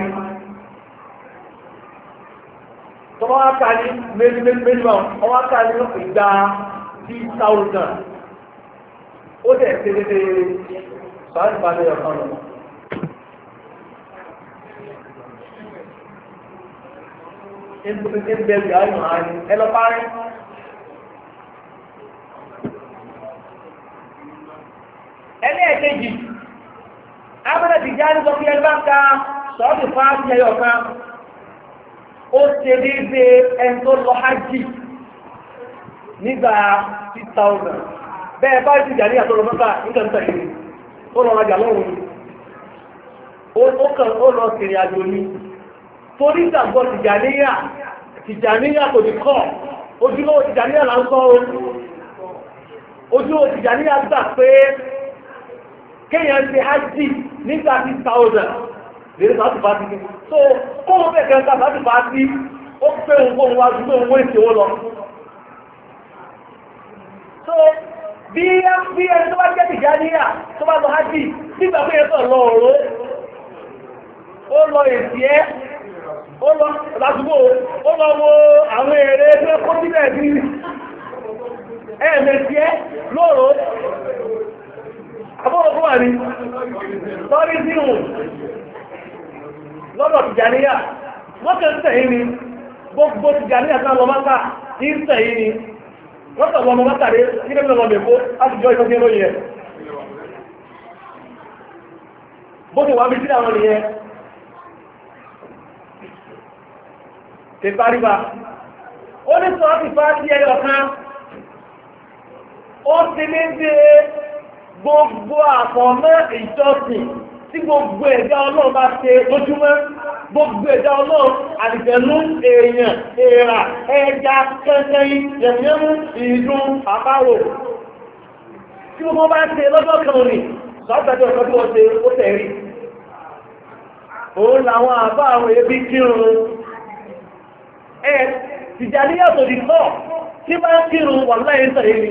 tó wọn wá ka ní méjì méjì méjì wọn wọn wá ka ní ìgbà tí táwùsàn ó dẹ̀ ṣe dédé báyìí bá lè ọ̀kan lọ. Ìbùdókè ẹlẹ́ẹ̀kejì abẹ́rẹ́ ti já ní sọ pé ẹgbẹ́ ká sọ́ọ̀dì fáàtì ẹyọ kan ó ṣe déédé ẹni tó lọ hajj nígbà 2000 bẹ́ẹ̀ bá ti jà ní àtọ́lọ́ mẹ́fà nígbà nígbà yìí ó lọ rajà lọ́rùn ó kàn ó lọ kiri àjò ni torí ìgbàgbọ́ tìjàníyà tìjàníyà kò ní kọ́ ojúlówó tìjàníyà là ń kọ́ ojúlówó tìjàníyà gbà pé kéèyàn ṣe ájì ní thirty thousand lèrè sáà ti bá ti ní so kó wọn bẹ̀ẹ̀ kẹta sáà ti bá ti ó pé òun wá ju pé òun wéṣe lọ. so bí bí ẹni tó bá jẹ́ tìjáníyà tó bá lọ ájì nígbà pé yẹn lọ ọ̀rọ̀ ó lọ èsì ẹ́ ó lọ lásìkò ó lọ wo àwọn èrè tó kó sílẹ̀ bí ẹ̀ẹ̀mẹ̀sì ẹ́ lóòrò àbọ̀wọ̀ fún wa ni lọ́rí sí òun lọ́dọ̀ tìjàníyà wọ́n kẹ́ ń tẹ̀yìn ni gbogbo tìjàníyà sáà lọ mọ́ta ní ń tẹ̀yìn ni wọ́n kẹ́ lọ mọ́ta rẹ̀ kí lẹ́mìnà lọ mẹ́kó láti jọ ìfẹ́ lóyìn ẹ̀ bó ti wà bí sílẹ̀ àwọn nìyẹn ti paríba ó ní sọ́ọ́ ti fa sí ẹyọ kan gbogbo àfọ̀mọ́ ìjọsìn tí gbogbo ẹ̀dá ọlọ́run bá ṣe lójúmọ́ gbogbo ẹ̀dá ọlọ́run àdìgbẹ̀lú èèyàn èèrà ẹja kẹ́kẹ́yìn yẹ̀mẹ́mú ìlú àbáwò tí wọ́n bá ṣe lọ́jọ́ kan rìn sọ́gbẹ́jọ́ ọ̀kan tí wọ́n ṣe ó tẹ̀rí òun làwọn àbá àwọn ẹbí kírun ẹ tìjà níyàtọ̀ dìtọ́ tí bá kírun wà láyé tẹ̀lé ni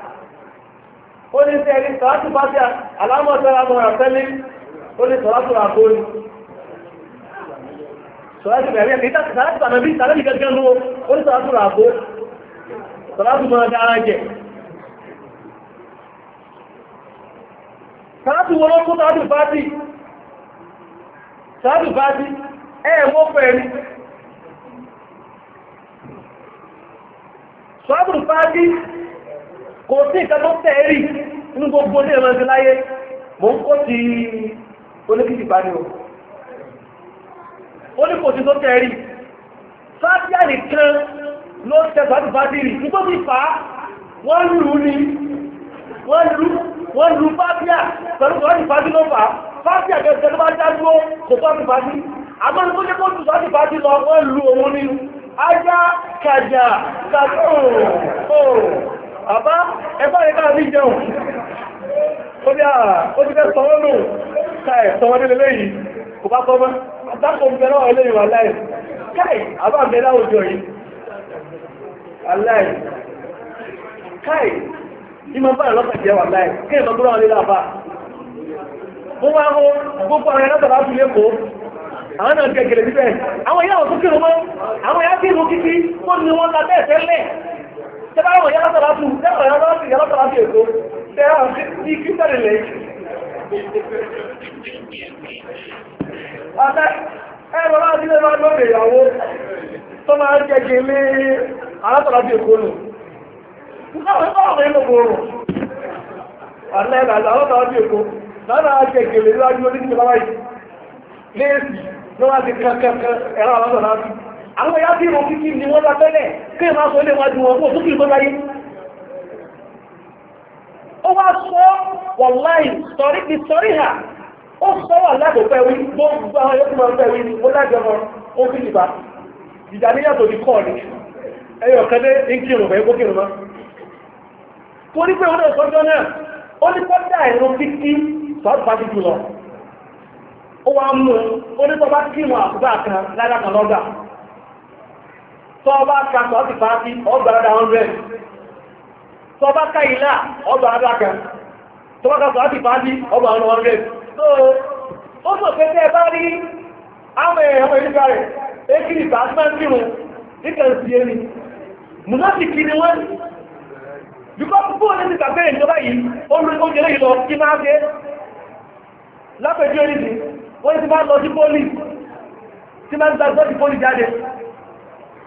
ó ní sẹ́ẹ̀rí sọ́látù bá ti alámọ̀sára mọ̀ra tẹ́lẹ̀ ó ní sọ́látù àgbóni sọ́látù bẹ̀rẹ̀ ní sọ́látù àmàbí sàlẹ́bì gẹ́gẹ́ ló ó ní sọ́látù àgbó sọ́látù mọ̀ra dára jẹ sọ́látù wọn kó sọ́látù fásì sọ́látù fásì ẹ̀ mọ́ pẹ̀lú sọ́látù fásì kò sí nǹkan tó tẹ̀ rí inú gbogbo ní ẹ̀rọ ẹ̀sìn láyé mò ń kó ti oníkìtì bá ní o ó ní kò sí tó tẹ̀ rí fáfíà nìkan ló tẹ̀sọ̀ àti bátìrì nígbó ti fà á wọ́n lù ní wọ́n lù wọ́n lù fáfíà pẹ̀lú sọ̀rọ̀ ti fàájú ló fà á fáfíà gẹ̀ẹ́sẹ̀ ló bá já dúró kò sọ̀rọ̀ ti fàájú àmọ́ ní kó jẹ́ kó tù sọ̀rọ̀ ti fàájú lọ wọ́n lù òun ní ajá kàjà kàjà ooo àbá ẹgbà ẹgbà ní jẹun ó ní àà ó ti fẹ́ sọwọ́ nù káì sọwọ́ nílé lẹ́yìn kò bá sọmọ́ àtàkò ń bẹ̀rẹ̀ ọ̀rẹ́ lẹ́yìn wà láì káì àbá ń bẹ̀rẹ̀ àwùjọ yìí aláì káì ìmọ̀ bá rẹ̀ lọ́pàá jẹ́ wà láì kí ẹ̀mọ́ tó ráwọn lé láàbá mo máa ń gbogbo àwọn ẹ̀rọ tàbá fi lẹ́kọ̀ọ́ àwọn náà gẹ̀gẹ̀rẹ̀ síbẹ̀ àwọn ìyá ọ̀tún kí tẹ́lá àwọn yàrá tọ́lá tù tẹ́lá yàrá tọ́lá tù yàrá tọ́lá tù èkó tẹ́lá ní kíntẹ́lì lè. ọ̀tẹ́ ẹ̀rọ máa ti lè máa lóde ìyàwó tó máa ń jẹjẹ lé alátọ́lá tù èkó nù. Nígbàwọ̀ ẹ̀kọ́ ọ̀rọ̀ yẹn lògbò rò. Àlẹ́ ìlànà alátọ́lá tù èkó lára jẹjẹ lè lọ́wọ́ àwọn ẹ̀yà bí ìrùn kíkí ni wọ́n bá tẹ́lẹ̀ kí ẹ máa sọ ilé wájú wọn fún òtúkì tó ó wá sọ wọ̀láì sọ̀rí ti sọ̀rí hà ó sọ wà láàbò pẹ̀wí tó gbogbo àwọn yóò máa pẹ̀wí ni ó lájọ wọn ó fi ìbá ìjà níyàtọ̀ ní kọ́ ni ẹyọ kan dé ń kírun bẹ́ẹ̀ kó kírun mọ́ torí pé òun ọ̀sọ́jọ́ náà wá mú un ó ní àkùbá kan lára kan lọ́gbà tọ́ọ̀bá kàtọ̀ ọ́ ti fàá sí ọgbàrádà 100 tọ́ọ̀bá ká ilá ọgbàrádà kan tọ́ọ̀bá kàtọ̀ ọ́ ti fàá sí ọgbàrádà 100 so ó sọ pé tẹ́ bá rí àwọn èèyàn ìlúgbà rẹ̀ ekiri bàtmẹ́ntì wọn nígbà sí ẹni mùsọ́sì kí ni wọ́n bíkọ́ púpọ̀ ní ti tàbẹ́rẹ̀ ìjọba yìí ó rí oúnjẹ lẹ́yìn lọ kí máa gé lápẹjú ẹni sí wọ́n ti máa lọ sí pólì tí máa ń gbàgbọ́ sí pólì jáde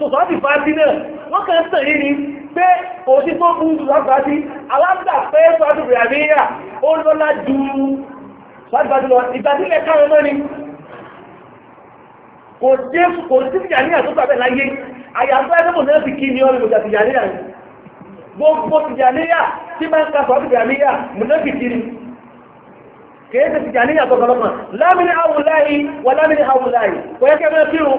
sọ̀tọ́bì fásí náà wọ́n kàn tẹ̀lé ní pé òsí tó bú sọ̀tọ́bì alágbà pé sọ́tọ́bì àríyà ó lọ́lá ju sọ́tọ́bì lọ ìgbàsílẹ̀ káwọn mọ́ ni kò sí ìjàníyà tó gbàgbẹ́ láyé àyàfẹ́ ẹgbẹ́ náà ti kí ni ọ́ gbogbo tìjàníyà tí máa ń ka sọ tìjàníyà mùnẹ́bì kiri kìí ti tìjàníyà tọ̀tọ̀lọ́pọ̀ lámìnì àwùláyì wà lámìnì àwùláyì kò yẹ kẹ́ mẹ́ fíhùn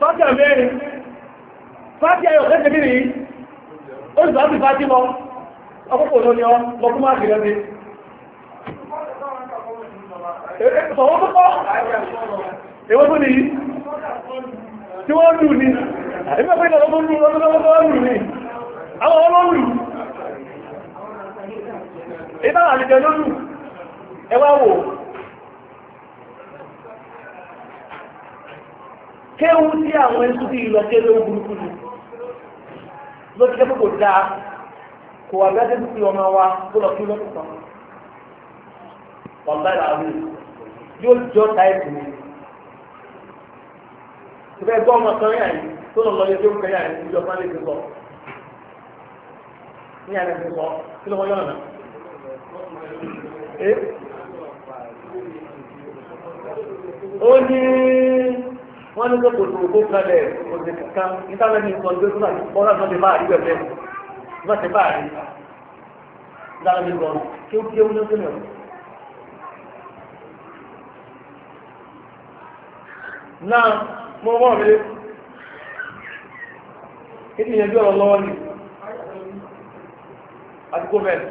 fáti àmẹ́rin fáti ayọ̀ kẹ́sẹ̀ mìírí ó sì fáti fáti lọ ọkọ̀kọ̀ ọ lọ́kún máa gẹ̀rẹ́ mi sọ̀wọ́ púpọ̀ èwọ́ tó ní tí wọ́n lù ní ẹgbẹ́ lù ní kéwú tí àwọn ẹni tún fi lọ sí ẹlẹ́wọ̀n burúkú ni ló ti dẹ́kun kò dáa kò wà bí adébù fi ọmọ wa kó lọ sí lọ́kùn kan ọ̀gá ìlàwé yóò jọ táìpù mi ìfẹ́ gbọ́ ọmọ kan yà yìí tó lọ lọ yẹ kéwú kan yà yìí ìjọba lè sọ ní àná ti sọ kí ló wọ́n yọ̀ ó ní wọ́n ní kó kòtò kó kalẹ̀ òsè kankan nítorí ní nǹkan gbé fúnà ọ̀rọ̀ àti ọ̀dẹ̀ bá àrí bẹ̀rẹ̀ wọ́n ti bá àrí lára mi lọ kí ó kéwú ló sínú. náà mo mọ̀ mi ni ìyẹn bí ọ̀rọ̀ lọ́wọ́ ni àdúgbò mẹ́rin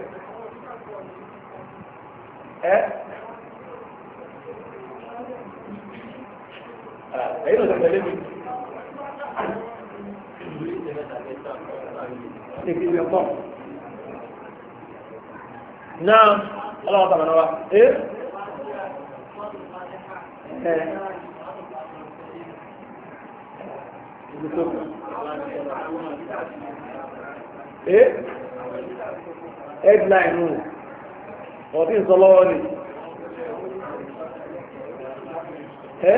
ẹ̀yìn ọ̀sẹ̀ tẹ̀lé mi. Ìpínlẹ̀ pọ̀. Náà ọlọ́wọ́ tàbí náà wá. Ẹ́ ẹ̀ ẹ̀ headline ọ̀tí ìsọlọ́wọ́ ni. ẹ́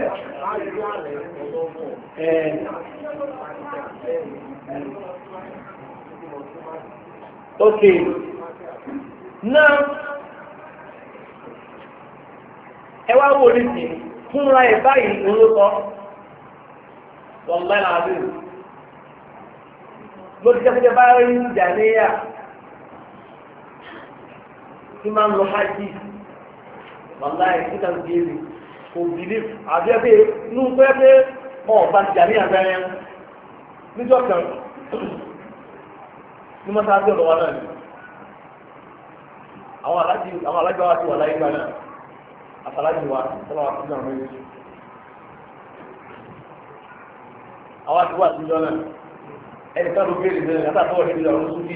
ok náà ẹ wá wò ní ẹ báyìí olóòtọ́ wọ́n mẹ́rin àbí lórí jẹ́kẹ́jẹ́ bá rí ìjà níyà tí máa kò believe àbí ẹgbẹ́ inú pé pé wọn ò bá jà ní àgbẹ̀rẹ̀ níjọ́ kan ní mọ́sáájú ọ̀dọ̀ wa náà ni àwọn alájí àwọn alájí wa ti wà láyé gbà náà àfàlájì wa tọ́lá wa fún àwọn ẹ̀yẹ àwọn àti wà síjọ́ náà ẹnìkan ló béèrè bẹ́ẹ̀ látàtọ́wọ́ níbi ọ̀rọ̀ sókè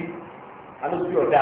alóṣù ọ̀dà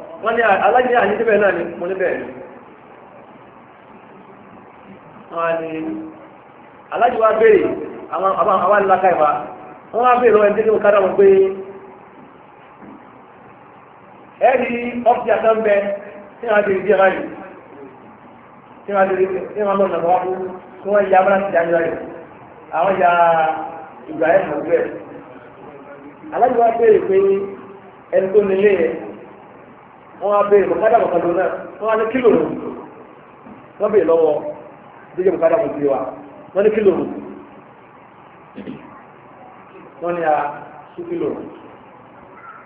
wọ́n ní alájẹ́ àyíkẹ́bẹ̀ náà ni mo níbẹ̀ ni wọ́n ni alájẹ́ wa béèrè àwọn àwọn aláka ìwà wọ́n wá béèrè ẹni tí mo kára wọn pé ẹ rí ọ́fíì àtàǹbẹ tí wọ́n á ti rí bí ẹ̀rọ yìí tí wọ́n á ti rí tí wọ́n á lọ nàbọ̀ wá fún tí wọ́n ya abúlé àti ẹ̀ mọ̀ bẹ́ẹ̀ pé ẹni tó nílé yẹn wọ́n á béèrè bùkádà bùkádà náà wọ́n á ní kílò rò wọ́n béèrè lọ́wọ́ bí yẹ bùkádà bùkádà wa wọ́n ní kílò rò wọ́n ní a sú kílò rò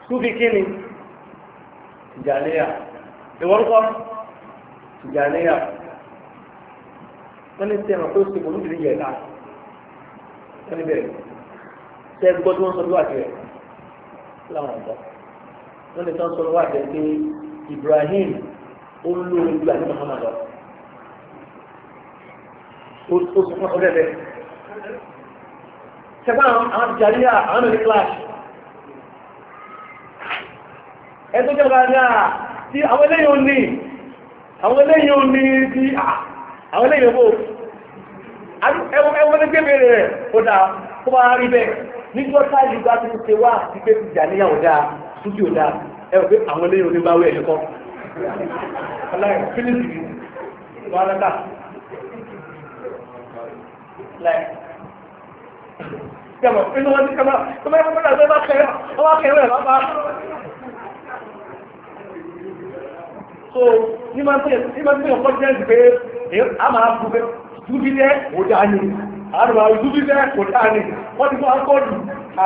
sú fi kí ni ìjànìyà ìwọ́n kọ́ ìjànìyà wọ́n ní sẹ́wọ̀n tó ṣe olú ìdílé yẹ̀ká wọ́n ní bẹ́ẹ̀ sẹ́ gbọ́ tí wọ́n sọ lọ́wọ́ àti rẹ̀ láwọn ọ̀dọ́ wọ́n ní sọ́n sọ lọ́wọ́ àti Ibrahim ó ló ń gbà ní Muhammad lọ ó sọ fún ọdẹ bẹ́ẹ̀ sẹpọn àwọn jàríà àwọn ọdẹ kíláàsì ẹgbẹ́ jọba ní à tí àwọn eléyìí ò ní àwọn eléyìí ò ní bí à àwọn eléyìí ò ẹwọ́n ẹgbẹ́ bèèrè rẹ̀ ó dáa kó bá rí bẹ́ẹ̀ nígbọ́ta ìlú bá ti ń ṣe wá àti pé ti jà níyàwó dáa túbí ò dáa ẹ̀rọ pé àwọn eléyìn oníbáwẹ̀ ẹ̀yẹ kọ́ aláì fílìsì wàhálà láì yàmọ̀ inú wọn ní kama tó bá yẹ kó dàgbé bá kẹrẹ ọwọ́ kẹrẹ rẹ̀ bá so ní máa ń tẹ̀yẹ̀ kọjá ẹ̀ pé a máa bu pé dúbílẹ̀ kò dáa ni a máa dúbílẹ̀ kò dáa ni wọ́n ti fọ́ akọ́ọ̀dù kí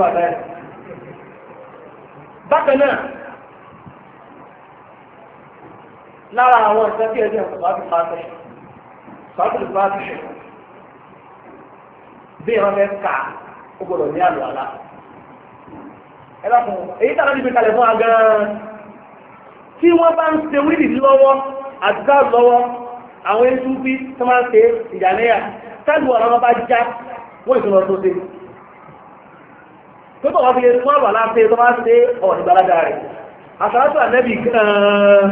ah, bákan náà lára àwọn ìṣẹ́ tí ẹjẹ́ ìpàdé pàṣẹ pàṣẹ pàṣẹ bí wọn fẹ́ kà ó ní àlọ́ àlá ẹ bá fún èyí tàbí fún agan tí wọ́n bá ń ṣe wíìlì lọ́wọ́ àdúgbà lọ́wọ́ àwọn ẹ̀sù bí tó máa ṣe ìdàníyà tágbù ọ̀rọ̀ bá já wọ́n ìtúnlọ tó ṣe tó bọ̀ wọ́n fi lè tún àwà láti tó máa ṣe ọ̀rọ̀ ìgbàlágà rẹ̀ àṣàlátù ànẹ́bì gan-an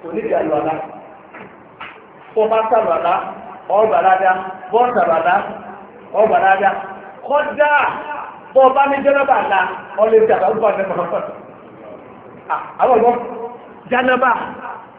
kò ní ìdàlù àlá kó bá sàlù àlá ọgbàlágà bọ́ sàlù àlá ọgbàlágà kọjá bọ́ bá ní jẹ́nàbà àlá ọlẹ́sì àbábùbà nẹ́fọ̀ọ́ àwọn ọ̀gbọ́n jẹ́nàbà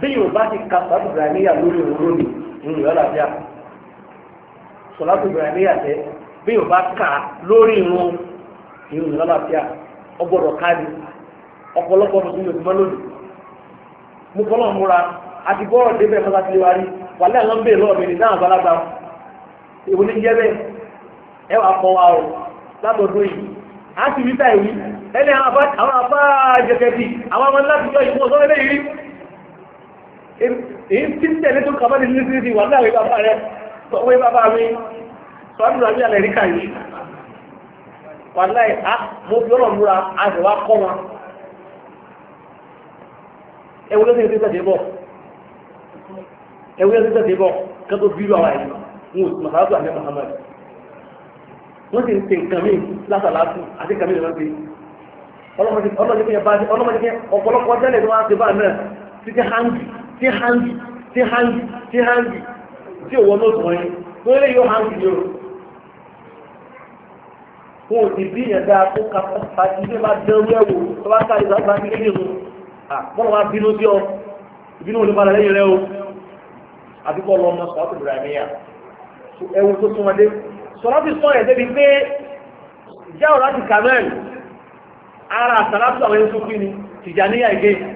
bí yorùbá ti ka sọ́láàtù lórí òróró ni làbíà tẹ bí ka lórí irun ìrùn yọ làbíà ọgbọ́dọ̀ káàdì ọ̀pọ̀lọpọ̀ ọdún yóò gbọ́ lónìí mo fọlọ́ múra débẹ̀ fọlá ti wá rí wàlẹ́ àwọn bèèrè lọ́wọ́ mi ní dáhùn balaba èwo ní jẹ́ bẹ́ẹ̀ ẹ wàá kọ́ wa o látọ̀dún yìí á ti rí táyì wí ẹni àwọn afá bíi àwọn ọmọ ńlá èyí tí tẹ̀lé tó kàbá ní nítorí ti wà láwé bàbá rẹ̀ sọ̀wé bàbá mi sọ́dún àbí amẹ́ríkà yìí wà láì á mo fi ọ̀nà múra a sì wá kọ́ wọn ẹwú ló ti ń tẹ̀sẹ̀ bọ̀ ẹwú ló ti ń tẹ̀sẹ̀ bọ̀ kẹ́tọ́ bírú àwọn àyè ń wò màsàlásù àmì Muhammad wọ́n ti ń tẹ̀ nǹkan mi lásàlásù àti nǹkan mi lọ́nà pé ọlọ́mọdé kí ọlọ́mọdé kí ọ̀pọ̀lọpọ̀ tẹ́lẹ̀ tó ti bá náà títí hangi tí hangi tí hangi tí hangi tí òwò náà tún wọ́n tó lè yóò hangi yóò kó o ti bí yẹn dáa kó ka pàtàkì ilé bá dán wẹ́ wò tó bá sáré láti láti lé nínú àpọ́n wa bínú sí ọ ìbínú òní padà lẹ́yìn rẹ o àti kọ́ lọ́mọ sọ́ọ́tù Ibrahimiyya ẹ̀wù tó tún wọn sọ́ọ́tù sọ́ọ̀ yẹn débi pé jáwọ́ láti kàmẹ́ẹ̀lì ara àtàlátù àwọn ẹni tó kí ni tìjà níyà ìgbé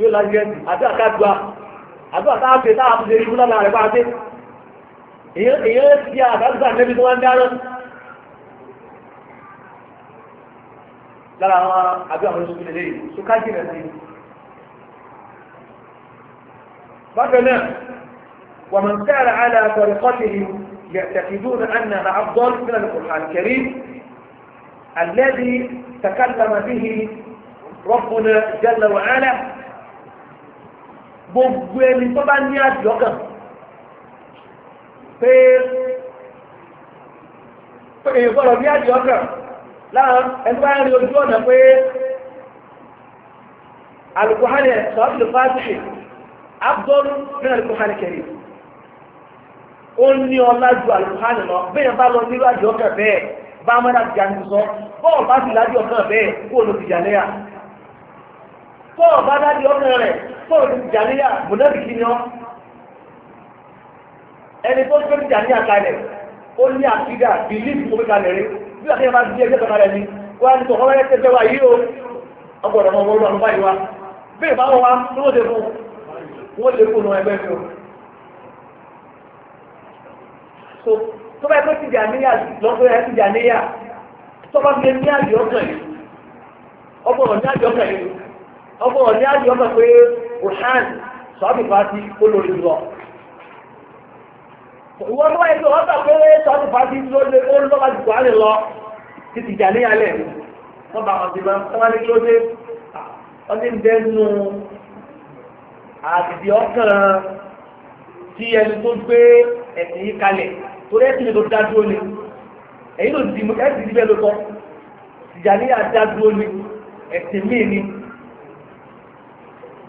yóò láti gẹ́ẹ̀sì àti àkájúwa àti àkáàfẹ́ táà fi lè rí fún lára rẹ̀ bá dé èyàn ti àkájúwa níbi tó wọ́n dáná lára àwọn àbí àwọn oṣù lè léyìí tó kájì rẹ̀ sí bákan náà wà mọ̀ sára àlà àtọ̀rẹ̀ kọ́tìrì يعتقدون أنها أفضل من القرآن الكريم الذي تكلم به ربنا جل وعلا gbogbo ẹni tó bá ní àdìọ́kàn pé èyí gbọ́dọ̀ ní àdìọ́kàn láàrín ẹni bá rí ojú ọ̀nà pé alùkùhánì sọ́ọ̀tìlù fásitì abdọ́lù ní alùkùhánì kẹrì ó ní ọlá ju alùkùhánì lọ bẹ́ẹ̀ bá lọ nílò àdìọ́kàn bẹ́ẹ̀ bá mọ́dà ti jà ní sọ bọ́ọ̀ bá sì lájọ́ kan bẹ́ẹ̀ kó ló ti jà lẹ́yà fọ́ọ̀ bá dá di rẹ̀ fọ́ọ̀ ti jàníyà mùnàbìkì ni ọ́ ẹni tó tó ti jàníyà kalẹ̀ ó ní àkídà bìlíf omi kalẹ̀ rí bí wàá kí ẹ bá di ẹgbẹ́ kalẹ̀ ni wọ́n á ní tọ̀kọ́ wáyé tẹ́tẹ́ wa yìí o ọgbọ̀dọ̀ ọmọ wọn lọ́nà báyìí wa bí ìbá wọn wá ní wọ́n lè fún wọ́n lè fún ẹgbẹ́ mi o. so tó bá yẹ kó ti jàníyà lọ́sọ̀rọ̀ ẹ ti jàníyà tó bá fi ní àjọ ọkàn yìí ọgbọ̀dọ̀ ní àjọ ọkàn yìí ọkọ̀ ọ̀dí àjọ ọmọ pé ọ̀hán sọ́bìfà ti olórí lọ ìwọ́n tó wáyé tó wọ́n sọ́bìfà ti lóde ó lọ́ba jù wá lè lọ títí jà ní alẹ́ wọ́n bá wọn máa ń wá ní ti ń dẹnu àdìdì ní ẹ̀yìn ló dì ẹ̀sìn ìdíbẹ̀ ní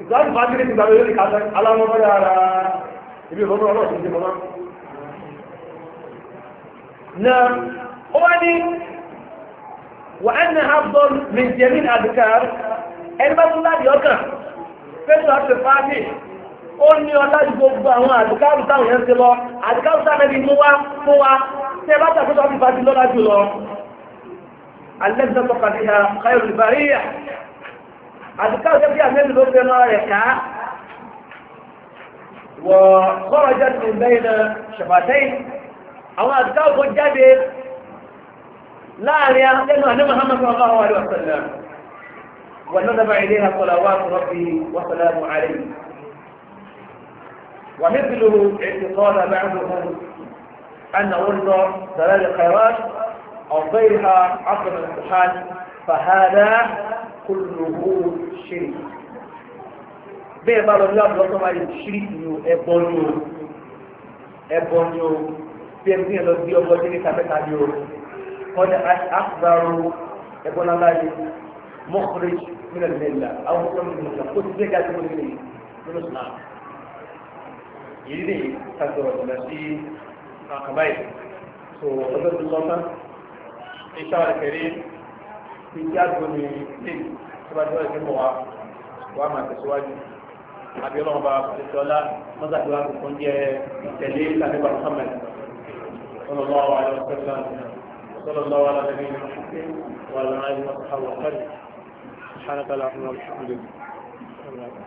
ìgbàlù bá kílé ìgbàlù yóò ní kàtà alámọ́bọ́ yára ibi ìrọ́nà ọlọ́ọ̀tí ìdí mọ́mọ́ na ó wá ní wà á ní hafdọ́n mìjẹ̀mín àdìkàr ẹni bá tún láti ọkàn fẹ́sọ̀ àti fàájì ó ní ọlá ju gbogbo àwọn àdìkàrù táwọn yẹn ti lọ àdìkàrù táwọn ẹni mú wá fún wa tẹ bá tàkóso àti fàájì lọ́lá jù lọ alẹ́ àdúgbò ọjọ́ bí àmẹ́lì ló fẹ́ lọ́rọ̀ rẹ̀ ká wọ̀ kọ́rọ̀ jẹ́ tó bẹ́yìn náà ṣàbàtẹ́yìn àwọn àdúgbò ọkọ̀ jáde láàrin lẹ́nu àná Muhammad sallallahu alaihi wa sallam wà lọ́dọ̀ bá ilé ha sọ̀rọ̀ wá sọ̀rọ̀ fi wọ́n sọ̀rọ̀ mu àlẹ́ yìí wà ní bìlú ètò sọ́ọ̀dà bá ń lò أن أرضى ثلاث خيرات أو غيرها عقب الامتحان فهذا kulluhu shirk bẹ́ẹ̀ bá lọ ní àbúrò tó máa lè ṣírí ìlú ẹ̀bọ ni o ẹ̀bọ ni o bí ẹni yẹn lọ bí ọgbọ́ tí ní kàfẹ́ta ni o kọ́ni àkùbárò ẹ̀bọ náà ni mọ́kúrẹ́ mílẹ̀ nílẹ̀ àwọn ọmọ mi nìkan kó ti gbé jáde lórí mi nínú sùnà. yìí ni kàgbọ̀rọ̀ ọ̀nà sí àkàbáyé tó ọjọ́ tó sọ́tà ní kẹrin ìjà gbòmí lẹ́yìn tó bá jọ́ ìfẹ́ mọ̀ wá wá máa tẹ̀síwájú àbí ọlọ́run bá pèsè ọlá mọ́sàdé wa tuntun jẹ́ ìtẹ̀lé ìlànà Muhammad sallallahu alaihi wa sallam sallallahu ala nabiyina Muhammad wa ala alihi wa sahbihi wa sallam subhanaka allahumma wa